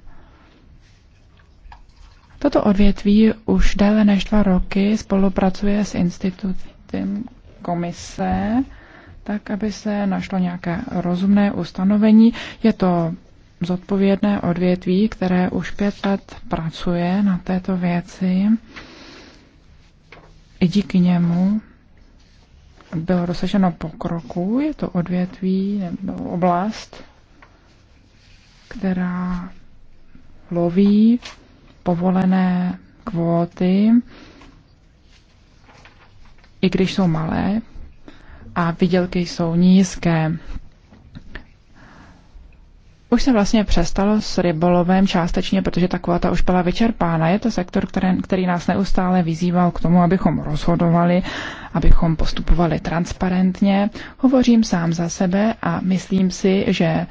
Toto odvětví už déle než dva roky spolupracuje s institutem komise, tak aby se našlo nějaké rozumné ustanovení. Je to zodpovědné odvětví, které už pět let pracuje na této věci. I díky němu bylo dosaženo pokroku. Je to odvětví nebo oblast, která loví povolené kvóty, i když jsou malé a vidělky jsou nízké už se vlastně přestalo s rybolovem částečně, protože ta kvota už byla vyčerpána. Je to sektor, který, který nás neustále vyzýval k tomu, abychom rozhodovali, abychom postupovali transparentně. Hovořím sám za sebe a myslím si, že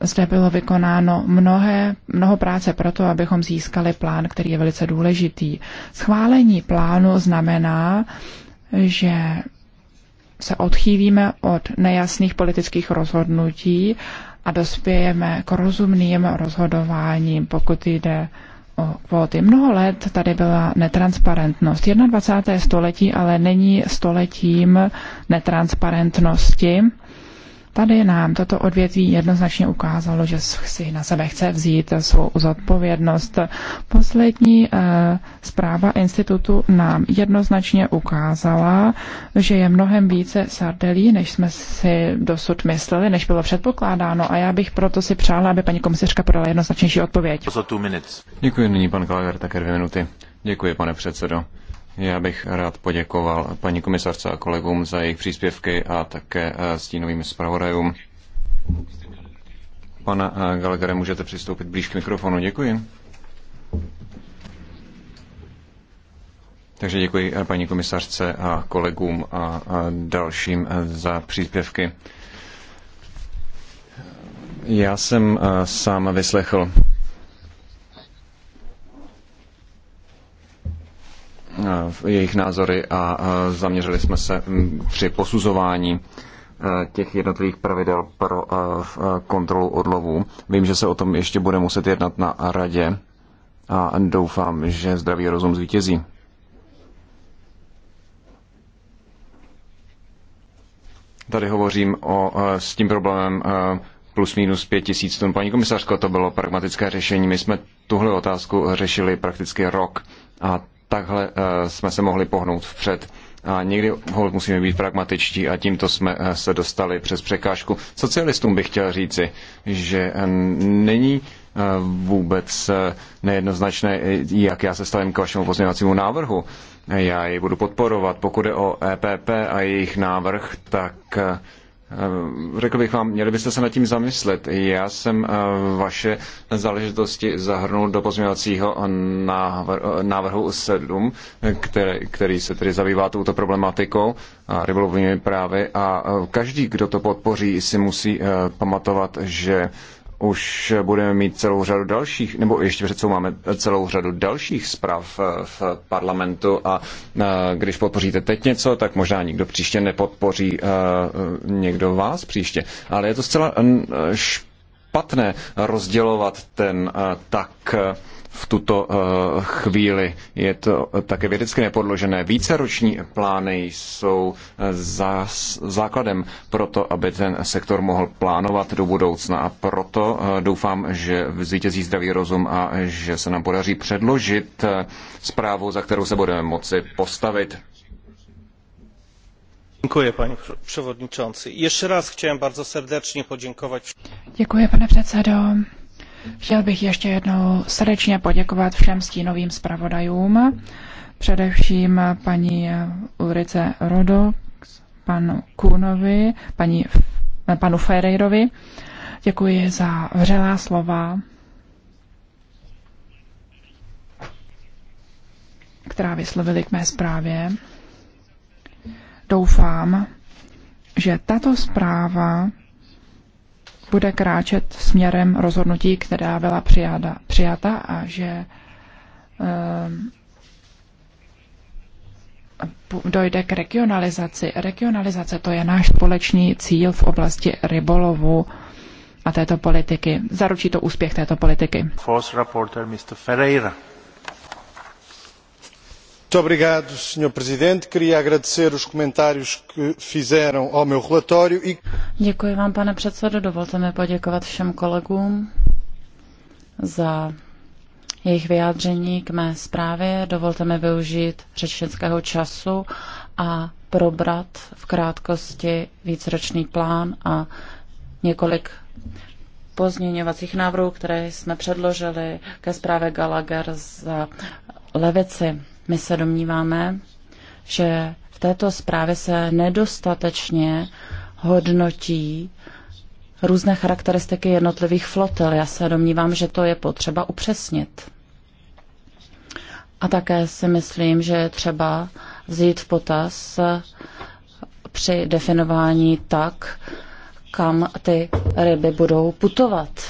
zde bylo vykonáno mnohé, mnoho práce pro to, abychom získali plán, který je velice důležitý. Schválení plánu znamená, že se odchýlíme od nejasných politických rozhodnutí a dospějeme k rozumným rozhodováním, pokud jde o kvóty. Mnoho let tady byla netransparentnost. 21. století ale není stoletím netransparentnosti. Tady nám toto odvětví jednoznačně ukázalo, že si na sebe chce vzít svou zodpovědnost. Poslední eh, zpráva institutu nám jednoznačně ukázala, že je mnohem více sardelí, než jsme si dosud mysleli, než bylo předpokládáno. A já bych proto si přála, aby paní komisařka podala jednoznačnější odpověď. Děkuji nyní, pan Klager, také dvě minuty. Děkuji, pane předsedo. Já bych rád poděkoval paní komisarce a kolegům za jejich příspěvky a také eh, stínovým zpravodajům. Pana eh, Galgare, můžete přistoupit blíž k mikrofonu. Děkuji. Takže děkuji eh, paní komisařce a kolegům a dalším za příspěvky. Já jsem sám vyslechl Eh, jejich názory a eh, zaměřili jsme se mm, při posuzování eh, těch jednotlivých pravidel pro kontrolu odlovů. Vím, že se o tom ještě bude muset jednat na radě a doufám, že zdravý rozum zvítězí. Tady hovořím o, s tím problémem plus minus pět tisíc tun. Paní komisařko, to bylo pragmatické řešení. My jsme tuhle otázku řešili prakticky rok a takhle eh, jsme se mohli pohnout vpřed. A někdy musíme být pragmatičtí a tímto jsme eh, se dostali přes překážku. Socialistům bych chtěl říci, že eh, není vůbec nejednoznačné, jak já se stavím k vašemu pozměňovacímu návrhu. Já ji budu podporovat. Pokud je o EPP a jejich návrh, tak Eh, řekl bych vám, měli byste se nad tím zamyslet. Já jsem eh, vaše záležitosti zahrnul do pozměňovacího návrhu 7, který, který se tedy zabývá touto problematikou a rybolovnými právy. A eh, každý, kdo to podpoří, si musí pamatovat, že už budeme mít celou řadu dalších, nebo ještě před máme celou řadu dalších zpráv eh, v parlamentu a eh, když podpoříte teď něco, tak možná nikdo příště nepodpoří eh, někdo vás příště. Ale je to zcela špatné rozdělovat ten tak v tuto eh, chvíli. Je to také vědecky nepodložené. Víceroční plány jsou eh, za, základem pro to, aby ten sektor mohl plánovat do budoucna. A proto eh, doufám, že zvítězí zdravý rozum a že se nám podaří předložit zprávu, za kterou se budeme moci postavit. Děkuji, raz bardzo Děkuji, pane předsedo. Chtěl bych ještě jednou srdečně poděkovat všem stínovým zpravodajům, především paní Ulrice Rodo, panu Kůnovi, paní, panu Ferreirovi. Děkuji za vřelá slova, která vyslovili k mé zprávě. Doufám, že tato zpráva bude kráčet směrem rozhodnutí, která byla přijáda, přijata a že ehm, dojde k regionalizaci. Regionalizace to je náš společný cíl v oblasti rybolovu a této politiky. Zaručí to úspěch této politiky. First reporter, Mr. Ferreira senhor presidente queria agradecer os comentários que fizeram ao meu relatório e Děkuji vám, pane předsedo. Dovolte mi poděkovat všem kolegům za jejich vyjádření k mé zprávě. Dovolte mi využít řečnického času a probrat v krátkosti víceročný plán a několik pozměňovacích návrhů, které jsme předložili ke zprávě Gallagher za levici. My se domníváme, že v této zprávě se nedostatečně hodnotí různé charakteristiky jednotlivých flotil. Já se domnívám, že to je potřeba upřesnit. A také si myslím, že je třeba vzít v potaz při definování tak, kam ty ryby budou putovat,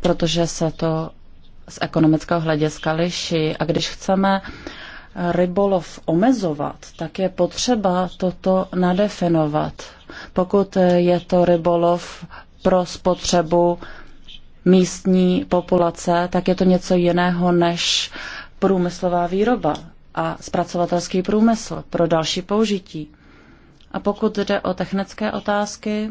protože se to z ekonomického hlediska liší. A když chceme uh, rybolov omezovat, tak je potřeba toto nadefinovat. Pokud je to rybolov pro spotřebu místní populace, tak je to něco jiného než průmyslová výroba a zpracovatelský průmysl pro další použití. A pokud jde o technické otázky,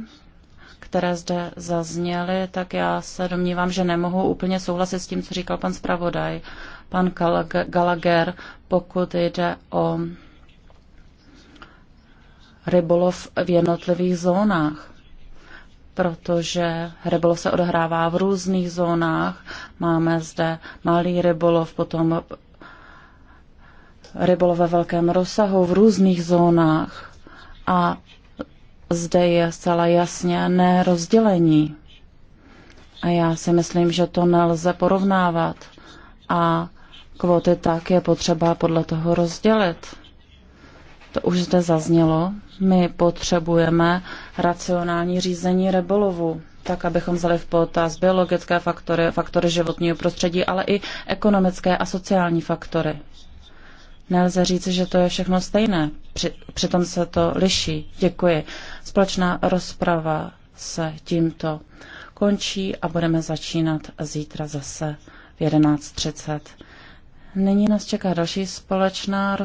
které zde zazněly, tak já se domnívám, že nemohu úplně souhlasit s tím, co říkal pan zpravodaj pan Gallagher, pokud jde o rybolov v jednotlivých zónách protože rybolov se odehrává v různých zónách. Máme zde malý rybolov, potom rybolov ve velkém rozsahu v různých zónách. A zde je zcela jasně nerozdělení. A já si myslím, že to nelze porovnávat. A kvóty, tak je potřeba podle toho rozdělit. To už zde zaznělo. My potřebujeme racionální řízení rybolovu, tak abychom vzali v potaz biologické faktory, faktory životního prostředí, ale i ekonomické a sociální faktory. Nelze říct, že to je všechno stejné. Při, přitom se to liší. Děkuji. Společná rozprava se tímto končí a budeme začínat zítra zase v 11.30. Nyní nás čeká další společná